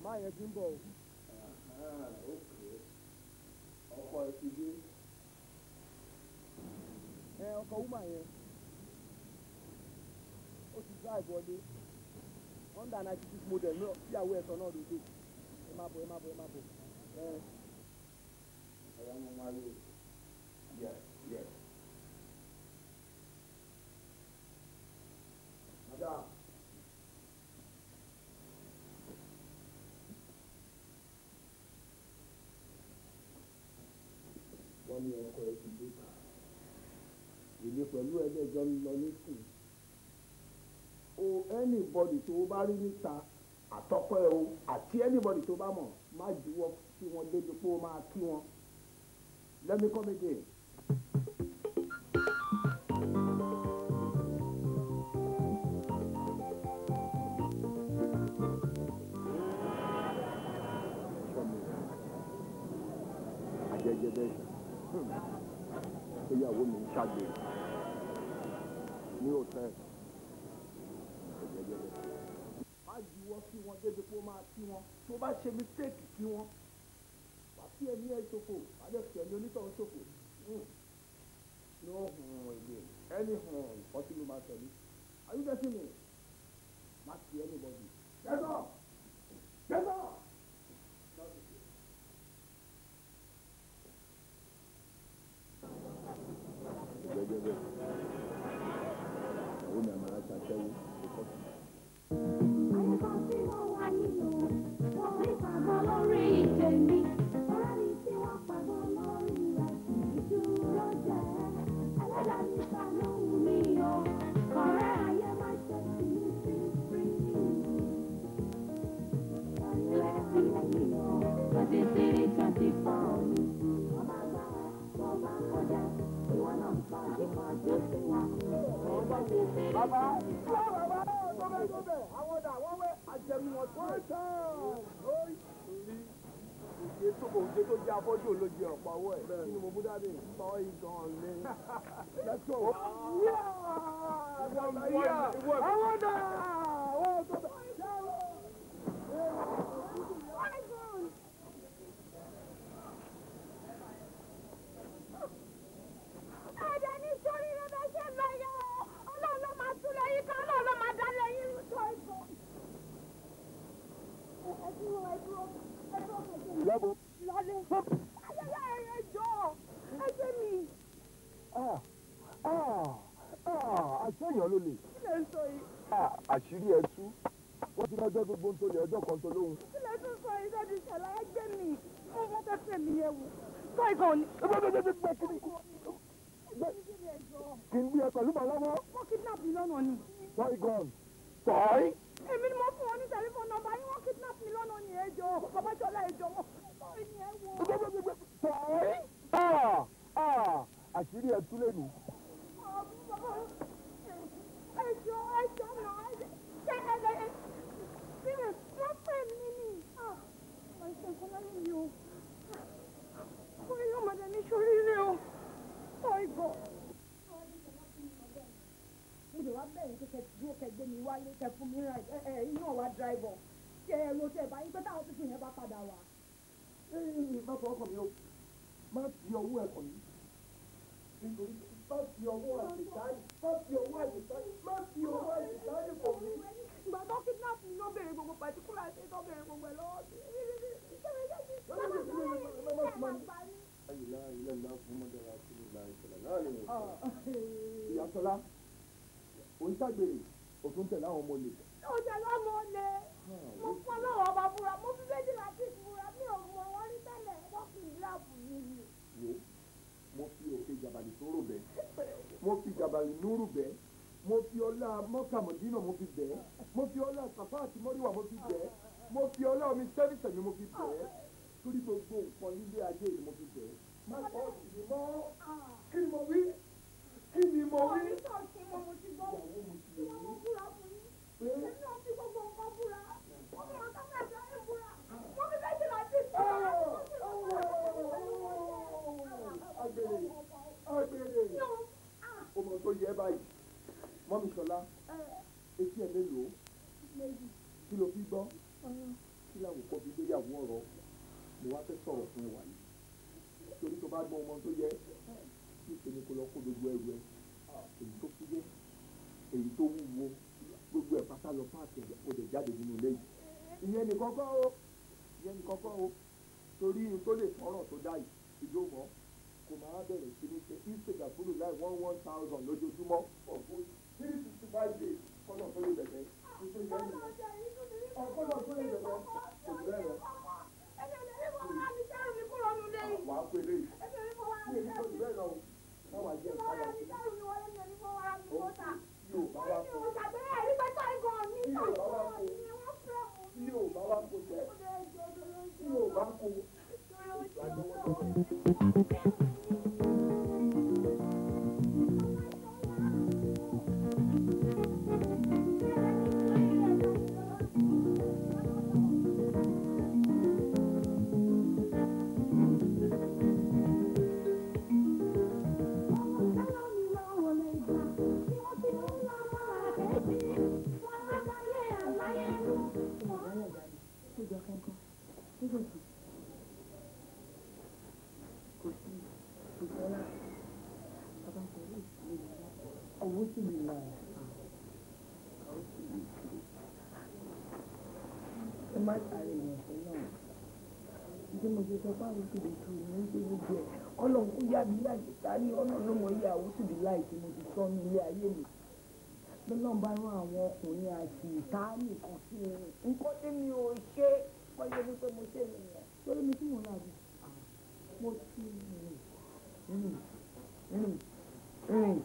máa yẹ kí n bọ̀ o. Ọkọ̀ ẹ ti dé. Ẹ ọkọ̀ wúmà yẹn. Ó ti drive wọlé. Honda ninety six model náà tíyàwó ẹ̀sán náà ló má bọ̀ ẹ má bọ̀ ẹ má bọ̀. ọ̀rọ̀ mo máa lò yẹ yẹ. madam. wọ́n èmi pẹ̀lú ẹgbẹ́ ìjọ lọ ní sùn o oh, anybody tó o bá rí níta àtọ́kọ́ ẹ o àti anybody tó bá mọ̀ má juwọ́ kí wọ́n débi pé ó máa kí wọn let me come again. ajẹjẹ bẹ́ẹ̀ hmm. ìyàwó mi ń ṣàgbé wọn débi pé ó máa kí wọn tó bá ṣe mistake kí wọn wà sí ẹni ẹ ṣòfò àbẹ fi ẹni onítọ̀hún ṣòfò yóò hùn èdè ẹni hùn nǹkan tí mo máa tẹ̀lé are you getting me? má ti anybody. Get bàbá tó bàbá tó bẹ tó bẹ àwọn ọ̀dà wọ́n wẹ́ àjẹmí wọn tó rẹ̀ tán lórí. Oje tó kò oje tó jẹ́ afọ́jú ló jẹ ọ̀pọ̀ ọwọ́ ẹ̀. Kí ni mo bú dáadé? Sọ ìgàn lé. Lẹ́tọ̀. Àwọn ọ̀dà wọ́n tó bẹ̀. lọ́bù. lọ́lẹ̀ ayẹyẹ ẹ̀rẹ̀ jọ ẹgbẹ́ mi. àṣeyàn ah, ah, ah, ló lè. kí lè sọ yìí. àṣírí ẹ tú wọ́n ti rájọ́ gbogbo ń tolè ọjọ́ kan tó lóhùn. kí lè tún sọ yìí lọ́dún ìṣẹ̀lá ẹgbẹ́ mi mo fẹ́ fẹ́ fẹ́ mi yẹ wò. sọ ìkan òní. kí n bí ẹ pẹ̀lú màá lọ́wọ́. wọ́n kidnap mi lọ́nà ni. sọ ìkan sọ ẹ́. èmi ni mo fún ọ ní tẹlifóònù nọ́mbà yín wọ́n kidnap mi lọ́nà ni ẹjọ́ bàbá ẹjọ́ wọn àṣírí ẹ tú lẹ́nu. ẹjọ́ ẹjọ́ lọ ṣe ẹ ẹ bí mi wọ́n pè mí ni wọ́n ṣe nǹkan lọ́rùn o wọ́n yóò máa dẹ̀ ní sórí o ọ̀ ìbọ̀. mo lè wá bẹ̀rẹ̀ pé dúró kẹ mi wálé kẹ mi ràn ẹ ẹ iná wa dráìbọ̀ kẹ ẹ ro tẹ báyìí pé táwọn tuntun yẹn bá padà wá má fọ ọkàn mi o má fi ọwọ́ ẹ̀kọ́ yìí nítorí má fi ọwọ́ àṣìṣáyì má fi ọwọ́ àṣìṣáyì má fi ọwọ́ àṣìṣáyì kọ̀ mí. ìgbà tó kidnap ni wọ́n béèrè gbogbo pàtíkúlà ṣe tó béèrè gbogbo ẹ̀ lọ́wọ́ bí. ìyàtọ̀lá òǹtàgbèrè òtún tẹ̀lé àwọn ọmọ olè. ó tẹ̀lé ọmọ olè mo fọ́ lọ́wọ́ ọba fúnra mo fi méjì wo mo fi òkè jabali tó rò bẹ́ẹ̀ mo fi jabali núrù bẹ́ẹ̀ mo fi ọlá mọ́kàmọ́dínà mo fi bẹ́ẹ̀ mo fi ọlá sàfà àti mọ́ríwà mo fi bẹ́ẹ̀ mo fi ọlá omi sẹ́fìsẹ̀ mi mo fi bẹ́ẹ̀ torí gbogbo nǹkan nílé ayé ni mo fi bẹ́ẹ̀ má kọ́ ìdí mọ́ kí ni mo wí kí ni mo wí. ọ̀rọ̀ mi sọ̀rọ̀ sí mo mo ti gbọ́ mo ti mo búra fún yín. gbèrè ọmọ tó yẹ báyìí mọ́mí sọlá etí ẹ̀ mélòó kí ló fi gbọ́ kí làwọn kọ́ fi gbéyàwó ọ̀rọ̀ mo wá fẹ́ sọ̀rọ̀ fún ẹ wà yìí torí tó bá gbọ́ ọmọ tó yẹ kí èmi kò lọ kó gbogbo ẹrù ẹ èyí tó fúyẹ́ èyí tó wúwo gbogbo ẹ̀ pátá lọ páàkì ẹ̀ jáde nínú ilé yìí ìyẹn nìkan kọ́ o ìyẹn nìkan kọ́ o torí n tó lè fọ́rọ̀ tó dá yìí ìjó mọ́ kò máa bẹ̀rẹ̀ sí ní ṣe ìṣègà fúlù láì one one thousand lójoojúmọ́ ọ̀gbọ́n three sixty five days kọ́nà fún ìbẹ̀rẹ̀ ìṣe ìyá mi ọ̀kọ́nà fún ìbẹ̀rẹ̀ kò ní ẹ̀rọ. wàá pè lé yìí ní èyí tó ní bẹ́ẹ̀ lọ wọ́n wàá jẹ́ ìpayà sí i yóò bá wá fún yóò bá wá fún yóò bá wá fún jẹ́ yóò bá fún. Thank you. látàrí ìrìnàjò náà bí mo ṣe sọ fáwọn ìṣòro tó ní ṣe gbogbo ẹ ọlọ́run kó yá mi láti sáré ọ̀nà ló mọ iye àwòsùnbí láì tí mo ti sọ ní ilé ayé mi lọ́nà bá rán àwọn ọkùnrin àti ìta nìkan sí mi nǹkan tí mi ò ṣe kọ́jú ní pé mo ṣe mi yẹn lórí mi tí mo rà mí ah, mo ti rìn rìn rìn rìn.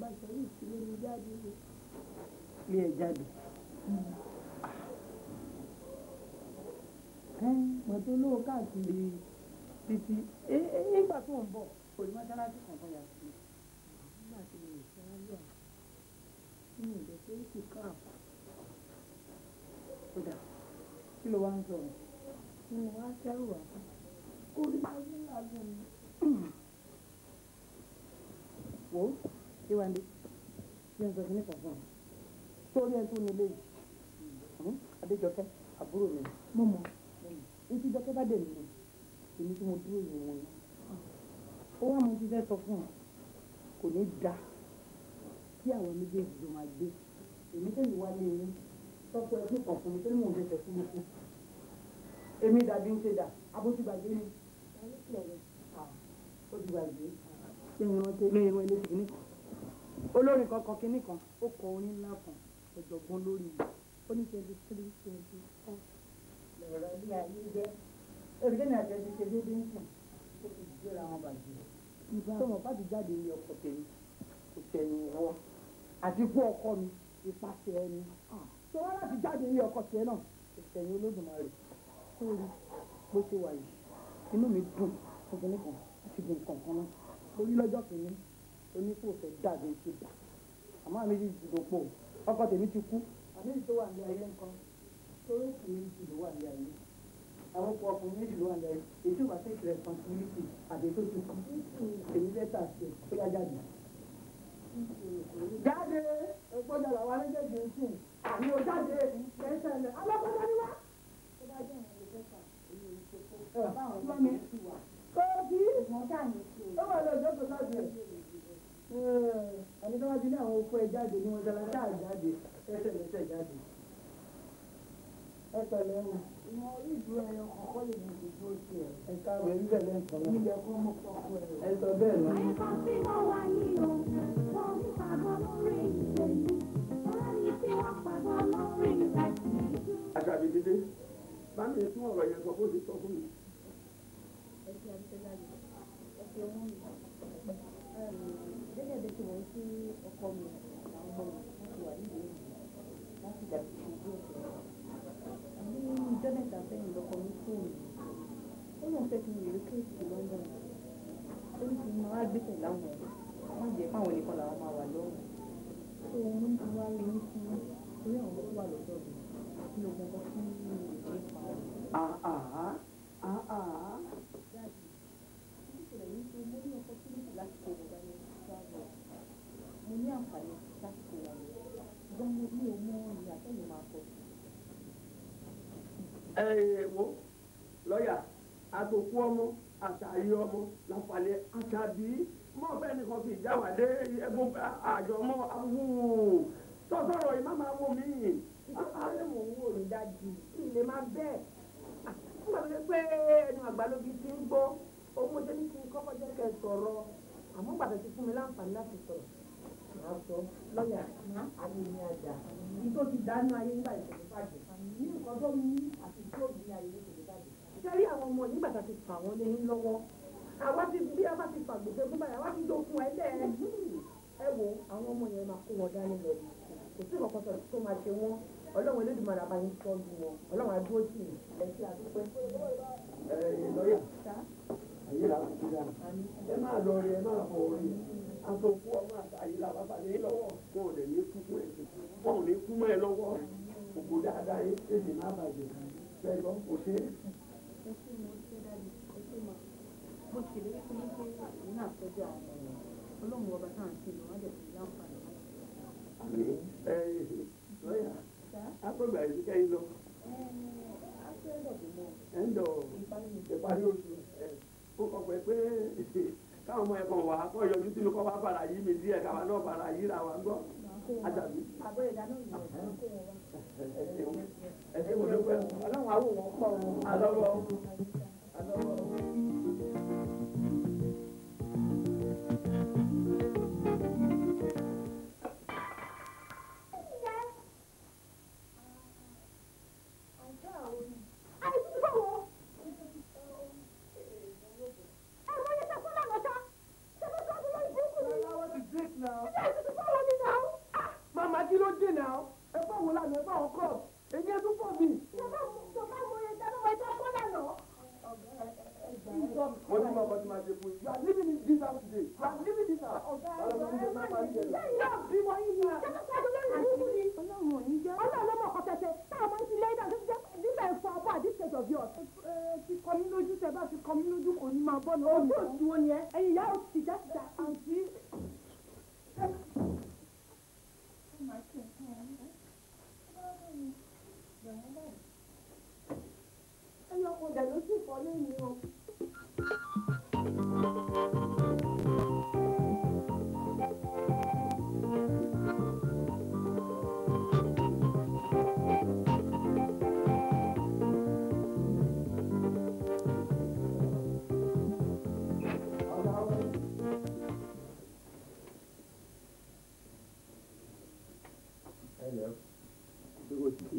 bá ìṣòro ìṣúlé mi jáde rè. ilé ẹ jáde. mọ̀tò olówó káàkiri títí nígbà tó ń bọ̀ kò ní mọ́ṣáláṣí kan tó yà sí. nígbà tí mo lè ṣe ayọ̀ nínú ìdẹ́sẹ̀ èsì káàpù. kódà kí ló wá ń sọ̀rọ̀. mo wá kẹ́rù wá orí ayé ńlá lónìí. wo síwáńdé bí n sọ fún nípa fún ọ sórí ẹni tó nílé yìí hmm? adéjọkẹ́ àbúrò mi mo mọ etí jọkẹ́ bá dé mi mọ èmi tí mo dúró yìí wọn ni ó wá mo ti fẹ́ sọ fún ọ kò ní da kí àwọn méjèèjì ló máa gbé èmi tẹ́lẹ̀ wá ní ẹni tọ́pọ̀ ẹkú kan fún mi tó ní mò ń dẹsẹ̀ fún mi fún èmi dàbí ń ṣe dà abótúgbàgbé ni ó ti gbàgbé ṣé ìrántí ilé ìwé ilé ìwé olórin kankan kínní kan ó kọ orin ńlá kan ọ̀jọ̀gbọ́n lórí mi ó ní twenty three twenty four lọ̀rọ̀ ilé ayé jẹ́ orílẹ̀ náà tẹ̀sí ṣe déédéé ń sùn ó fi gbéra wọn bàjẹ́ tọmọ bá ti jáde ní ọkọ tèmi kò tẹ̀yìn rọ àti kú ọkọ mi ìpàṣẹ ẹni tó wá láti jáde ní ọkọ tiẹ̀ náà kò tẹ̀yìn Olódùmarè sórí bó ṣe wà yìí inú mi dùn obìnrin kan àti gbọ̀ǹkan kan náà orí lọ́jọ́ kìíní onífòfẹ́ dàbí ti dà àmọ́ àmì ti dùdò pọ̀ ọkọ tèmi ti kú. àmì tó wà ní ayé nǹkan torí kìí ti ló wà ní ayé àwọn ọkọ ọkùnrin méjì ló wà ní ayé èyí tó bá ṣe ìṣẹ̀lẹ̀ kọ̀ǹtínítì àti èyí tó ti kú èyí lẹ́tà sí tó yá jáde. jáde ẹgbọ́n jàlá wa méjèèjì ń sìn àmì ò jáde ẹ̀ṣẹ̀ lẹ̀ alákọ̀ọ́dá ni wá. tó bá jẹ́ ìrìn lẹ́tà èyí ò ní ṣe kó bá àwọn ọmọ mi kó o kì í ó wà lọ́jọ́ ẹni tó bá ti ní àwọn okó ẹ jáde ní wọn sọlá táà jáde ẹsẹ̀ lẹ́sẹ̀ jáde ẹ pẹ̀lẹ́ o. ìmọ orí ìdúró ẹyọ kọkọ lè ní ìdúró sí ẹ. ẹ káàbọ̀ ẹ̀yìn bẹ̀rẹ̀ ń sọ̀rọ̀. níjẹ kó mọ ẹ. ẹ sọ bẹ́ẹ̀ lọ. àṣàbí dídé bá mi tún ọ̀rọ̀ yẹn sọ fún mi sọ fún mi. ẹ ṣe ẹ ṣe wọ́n mi gẹ́gẹ́ bí kí wọ́n sí ọkọ mi àwọn ọmọ mi láti wà nílùú èyí láti dà sí ojú ọ̀sẹ̀ ní ìjọ mẹ́ta sẹ́yìn lọ́kọ mi fóònù ó lóun fẹ́ kí n lè kéèkì London ó ní kí n máa gbé pẹ̀lú àwọn wọn jẹ́ fáwọn nìkan làwọn máa wà lọ́rùn tó ń mú wá rí ní sí orí àwọn tó wà lọ́dọ̀ mi ní ogun kan fún ìdí ìpa. ní àǹfààní láti kó wa ṣùgbọ́n mo ní ọmọ ìyá tẹ́lẹ̀ máa pọ̀ sí. ẹ ẹ wo lọ́ọ̀yà àtòkú ọmọ àtàyè ọmọ làǹfààní àtàbí mọ́ bẹ́ẹ̀ nìkan fi ìjáwádé ẹgbẹ́ àjọ ọmọ awú tọ́sọ̀rọ̀ yìí má máa wò mí. ìjọba ló mọ̀ ń wò ní dájú kí lè má bẹ́ẹ̀ nígbà tó pé ẹnu àgbàlóbi ti ń gbọ́ owó jẹ́ ní kí n kọ́kọ́ jẹ́ kẹ́ sọ̀rọ̀ àmọ́ gbàtẹ́ ti fún mi láǹfààní láti sọ̀rọ̀ aṣọ lọ́yà àgbèmí àjà ibi tó ti dáná ayé nígbà ìṣẹ̀lẹ̀ bàjẹ́ ní nǹkan tó ní àti tó ní ayé ìṣẹ̀lẹ̀ bàjẹ́. sẹ́rí àwọn ọmọ nígbà tá a ti fà wọ́n lẹ́yìn lọ́wọ́ àwa ti bí a bá ti fàgbèsè fún báyìí àwa ti jó fún ẹ lẹ́ẹ̀ ẹ wo àwọn ọmọ yẹn máa kó wọn dání lọ kò sí ìkọ̀kọ̀ sọ̀rọ̀ tó máa ṣe wọ́n ọlọ́run Olódùmarè bá yín tọ́jú wọn ọlọ́run adúró tì í ẹ̀sìn àdúpẹ́. ẹ ẹ lọ́yà ayé làwọn ti dá ẹ máa lọ rí ẹ máa fọ orí àtòkú ọmọ àtàyè làwọn àbàdé lọ́wọ́ wọn ò dẹ̀ ní kú mọ́ ẹ wọn ò ní kú ẹ lọ́wọ́ òkú dáadáa yé tètè má bàjẹ́ bẹ́ẹ̀ lọ kò ṣe é. mo ṣèlérí fún yín pé èmi náà tọ́jú àwọn ọmọ ọlọ́run ọba tá à ń sìn lọ́wọ́ dẹ̀ fún láǹfààní. ẹ ẹ lọ́yà apẹ̀gbà yìí kẹ́yìn lọ. ẹ ń dọ̀ ìparí oṣù ẹ ó kọ̀ pé káwọn ọmọ ẹ̀kọ́ wa kọ́ yọjú sínú kọ́ bá fara yí mi díẹ̀ káwa náà fara yí ra wa gbọ́ àjàbí. ẹ̀sìn wo ló pẹ́ ọlọ́run àwọn òun pọ̀ ọ́ kọ mí lójú kò ní máa bọ́ lọ́wọ́ mi. ojú òdùwọ̀ ni ẹ ẹ̀yin ìyá òsì jáde jáde.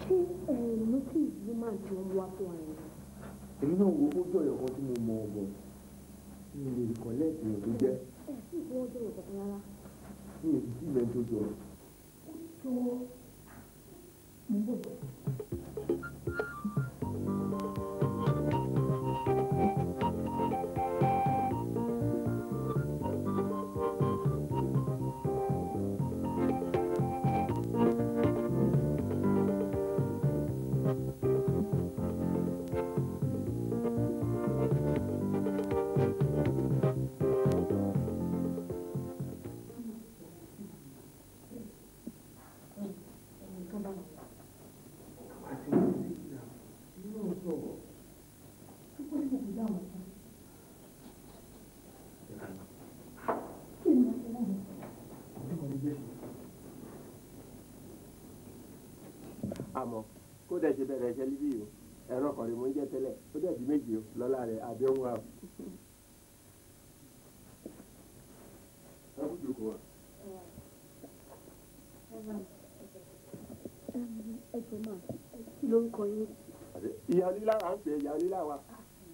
ṣé ẹ notice woman tí ó ń wá fún àyè. èmi náà wo ojú ọ̀yọ̀ kan tí mo mọ ọgbọ̀n mi lè kọ́ lẹ́ẹ̀kì yẹn tó jẹ́. ẹ eh, sì mi ò sì ilẹ̀ tó jọ. àmọ́ kó dẹ̀ ṣe bẹ̀rẹ̀ iṣẹ́ líbí o ẹ̀rọ kan ni mo ń jẹ́ tẹ́lẹ̀ ó dẹ̀ di méjì o lọ́la rẹ̀ àbí ń kọ yín. ìyá onílára ń pè é ìyá onílára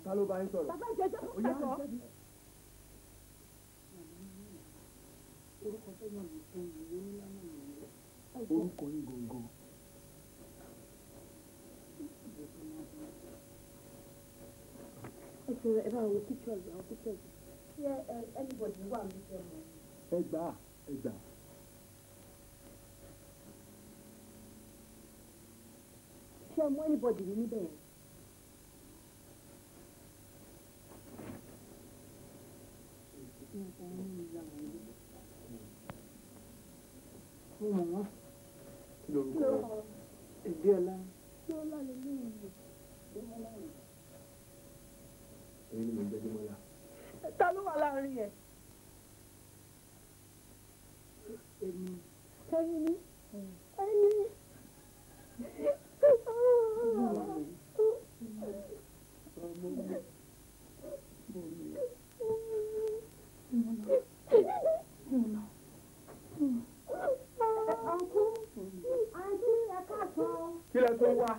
ta ló bá ń sọ̀rọ̀. bàbá ìjẹ́jọ́ kò kẹ́kọ̀ọ́. orúkọ tó yàn mí fún mi ló ní lánàá yìí. orúkọ yín gbòǹgbò. ẹsùn rẹ ẹ bá wo pictures àwọn pictures. ṣé anybody wà ní ìfẹ́ ẹ mú anybody rí níbẹ̀ yẹn. mo mọ̀ wọ́n. kí lorúkọ ẹ̀ ẹ̀ díẹ̀ lá. kí lórí ẹ̀. sẹ́yìn ní ẹni. kí lẹ tó wá.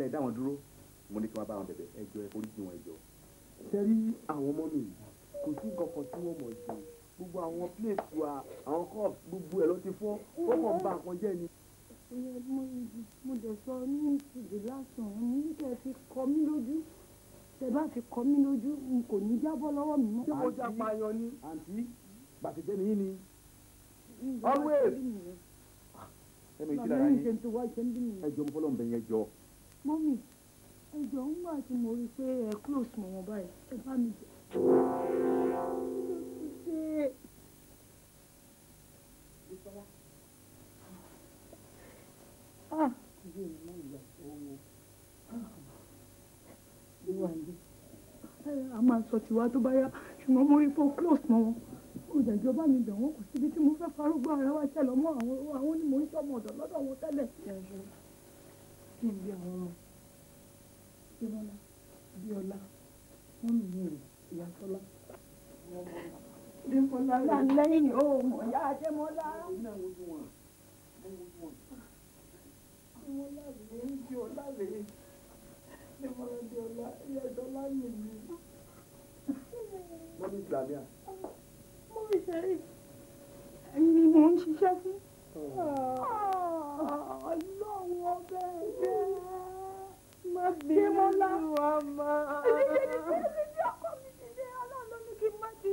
lẹ dá wọn dúró mo ní kí wọn bá wọn bẹ̀bẹ̀ ẹjọ ẹ foríjì wọn ẹjọ. sẹ́rí àwọn ọmọ mi kò sí nǹkan kan tí wọ́n mọ̀ ṣe gbogbo àwọn pléètì wa àwọn cup gbogbo ẹ̀ ló ti fọ́ ó kàn ń ba nǹkan jẹ́ ni. mo dẹ̀ sọ ní ìsìnkú lásán ní kẹ́ ẹ fi kọ mí lójú tẹ bá fi kọ mí lójú n kò ní jábọ́ lọ́wọ́ mi mọ́. ṣé mo já pààyàn ni àǹtí bàtẹ́jẹ́ nìyí ni always. ẹnu ìjìlá yín ẹjọ́ mo fọlọ́ ń yẹn jọ mọ́mì ẹjọ́ ń gbà tí mo rí i pé ẹ close mọ́ wọn báyìí ẹ bá mi jẹ́. Ah. a máa sọ tiwa tó bá yá ṣùgbọ́n mo rí fún close mọ́ wọn olùdàjọ́ bá mi bẹ̀ wọ́n kò síbi tí mo fẹ́ farógbó ara wa ṣẹlẹ̀ mọ́ àwọn onímọ̀ ìṣọ́mọ̀dọ̀ lọ́dọ̀ wọn tẹ́lẹ̀ kí n bí àwọn ọmọ ìrọ̀lá bí ọlá wọ́n mi ní èrè ìyá tọ́lá. Démọ́lá rẹ̀ lẹ́yìn ó mọ̀ yá Démọ́lá. Démọ́lá rẹ̀ ń bí ọlá rẹ̀. Démọ́lá bí ọlá ìyá tọ́lá mi ni. Mọ́mí Flavia. Mọ́mí Sẹ́rí, ẹ̀yin ni mò ń ṣiṣẹ́ fún ọlọ́run ọbẹ̀ ẹ̀jẹ̀ má bí mo lá ti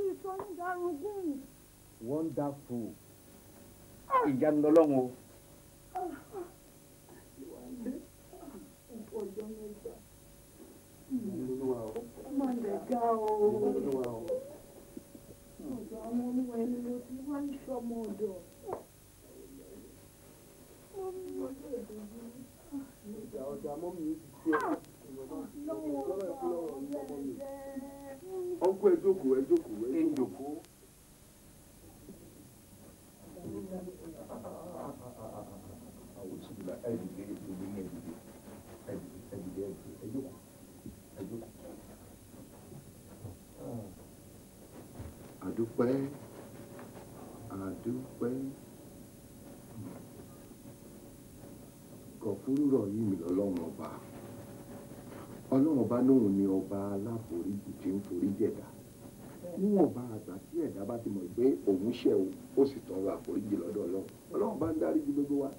wonderful ìyanu ọlọ́run o. ọjọ́ mẹ́ta máa lè ga o ọ̀dọ̀ àwọn olúwa ẹni ló wá ń sọmọ ọ̀dọ̀. ọkụ ejoku ejoku ejoku awụsila torúrọ̀ yìí mi lọ́lọ́run ọba ọlọ́run ọba náà ni ọba aláforíjì tí ń forí jẹ̀dá níwọ̀n bá àgbà tí ẹ̀dá bá ti mọ̀ pé òun ṣẹ̀ o ó sì tọrọ àforíjì lọ́dọ̀ ọlọ́run ọlọ́run bá ń dáríjì gbogbo wa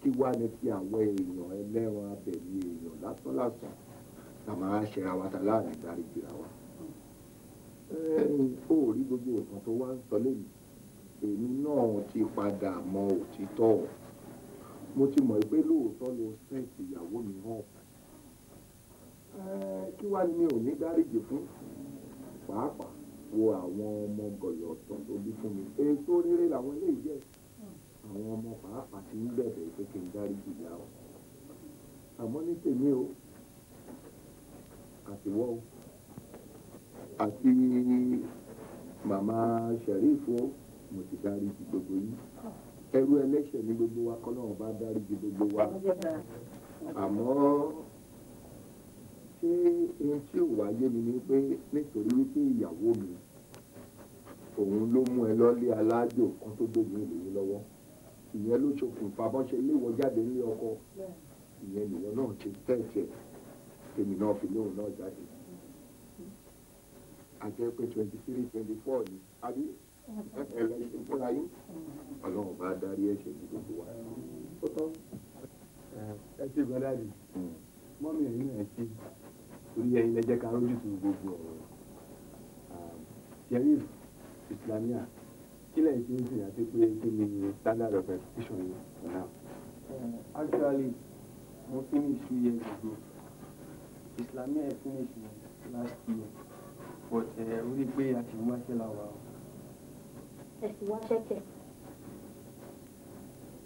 kí wá ní ti àwọn èèyàn ẹlẹ́ran abẹ̀mí èèyàn lásán lásán la máa ṣẹra wa ta láàrin dáríjì ra wa ó rí gbogbo nǹkan tó wá ń sọ lẹ́yìn èmi náà ti padà mọ òtítọ́ ọ̀hún mo ti mọ̀ pé lóòótọ́ ló straight ìyàwó mi hàn kí wàá ní òní dáríjì fún pàápàá wo àwọn ọmọ gọ̀yọ̀ ọ̀tàn tó bí fún mi èso rere làwọn eléyìí jẹ́ àwọn ọmọ pàápàá ti ń bẹ̀bẹ̀ pé kí n dáríjì yá o àmọ́ ní tèmi o àtiwọ́ o àti màmá Sheriff o mo ti dáríjì gbogbo yìí ẹrú ẹlẹ́ṣẹ̀ ní gbogbo wa kọ́ náà bá dáríjì gbogbo wa àmọ́ ṣé ohun tí ò wáyé mi ni pé nítorí wípé ìyàwó mi òun ló mú ẹ lọ́lé alájò kan tó gbógun ìlú lọ́wọ́ ìyẹn ló ṣokùnfà bọ́n ṣe léwọ́ jáde nílé ọkọ ìyẹn nìyẹn náà ṣe tẹ̀sẹ̀ tèmi náà fi lóhùn náà jáde àjẹpẹ́ twenty three twenty four ni àbí ọlọ́run bá darí ẹ̀ṣẹ̀ ní gbogbo wa. ó tọ́ ẹ ṣe gbọ́dá rí mọ́mí ẹ̀yìn náà ṣe torí ẹ̀yin lẹ́jẹ́ ká rójú tu gbogbo ọ̀rọ̀ sheriff islamia kílẹ̀ tí ó sìn àti pé kí ni standard of education yìí for now. actually mo finish two years ago islamia finish last year but ó eh, rí i pé a ti mú àṣẹ làwọn ẹ sì wá ṣẹ́kẹ̀.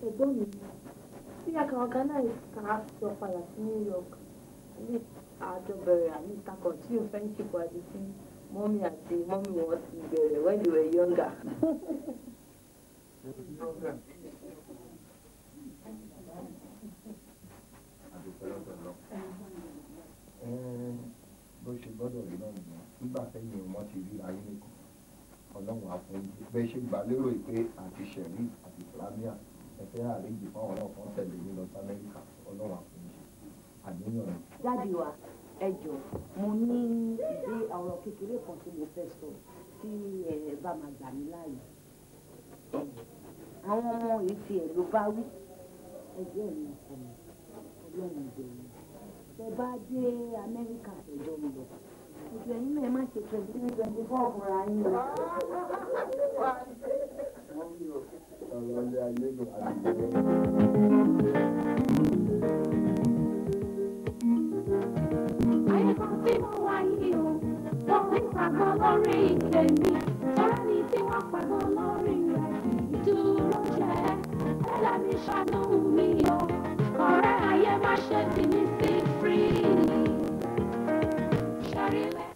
ẹ̀gbọ́n mi bí àkàwọn ghana ká sọ padà sí new york ní àjọ bẹ̀rẹ̀ àní takọ̀ tí o friendship wa di sí mọ́mí àti mọ́mí wọn ti bẹ̀rẹ̀ when you were younger. bó ṣe gbọ́dọ̀ rí náà nígbà tẹ́yìn wọn ti rí ayé nìkan ọlọ́run àforíjì bẹ́ẹ̀ ṣe gbà lérò pé àti sẹ̀rí àti islamia ẹ̀fẹ́ àríjì fáwọn náà kan tẹ̀lé ní lọ sí amẹ́ríkà ọlọ́run àforíjì àníyàn rẹ̀. dáàbì wa ẹ jọ mo ní ìdí ọ̀rọ̀ kékeré kan tí mo fẹ́ sọ tí ẹ bá máa gbà mí láàyè àwọn ọmọ yìí ti ẹ̀ ló bá wí ẹgbẹ́ mi ọkọ mi ọlọ́run ìbẹ̀rù ẹ bá dé amẹ́ríkà ẹ̀jọ̀ mi lọ jù ẹ̀yin náà ẹ má ṣe twenty three twenty four fúnra yín o. ọ̀rọ̀ ilé ayé lò àdìgbò. ayé kan tí mo wá yìí sí Sorry.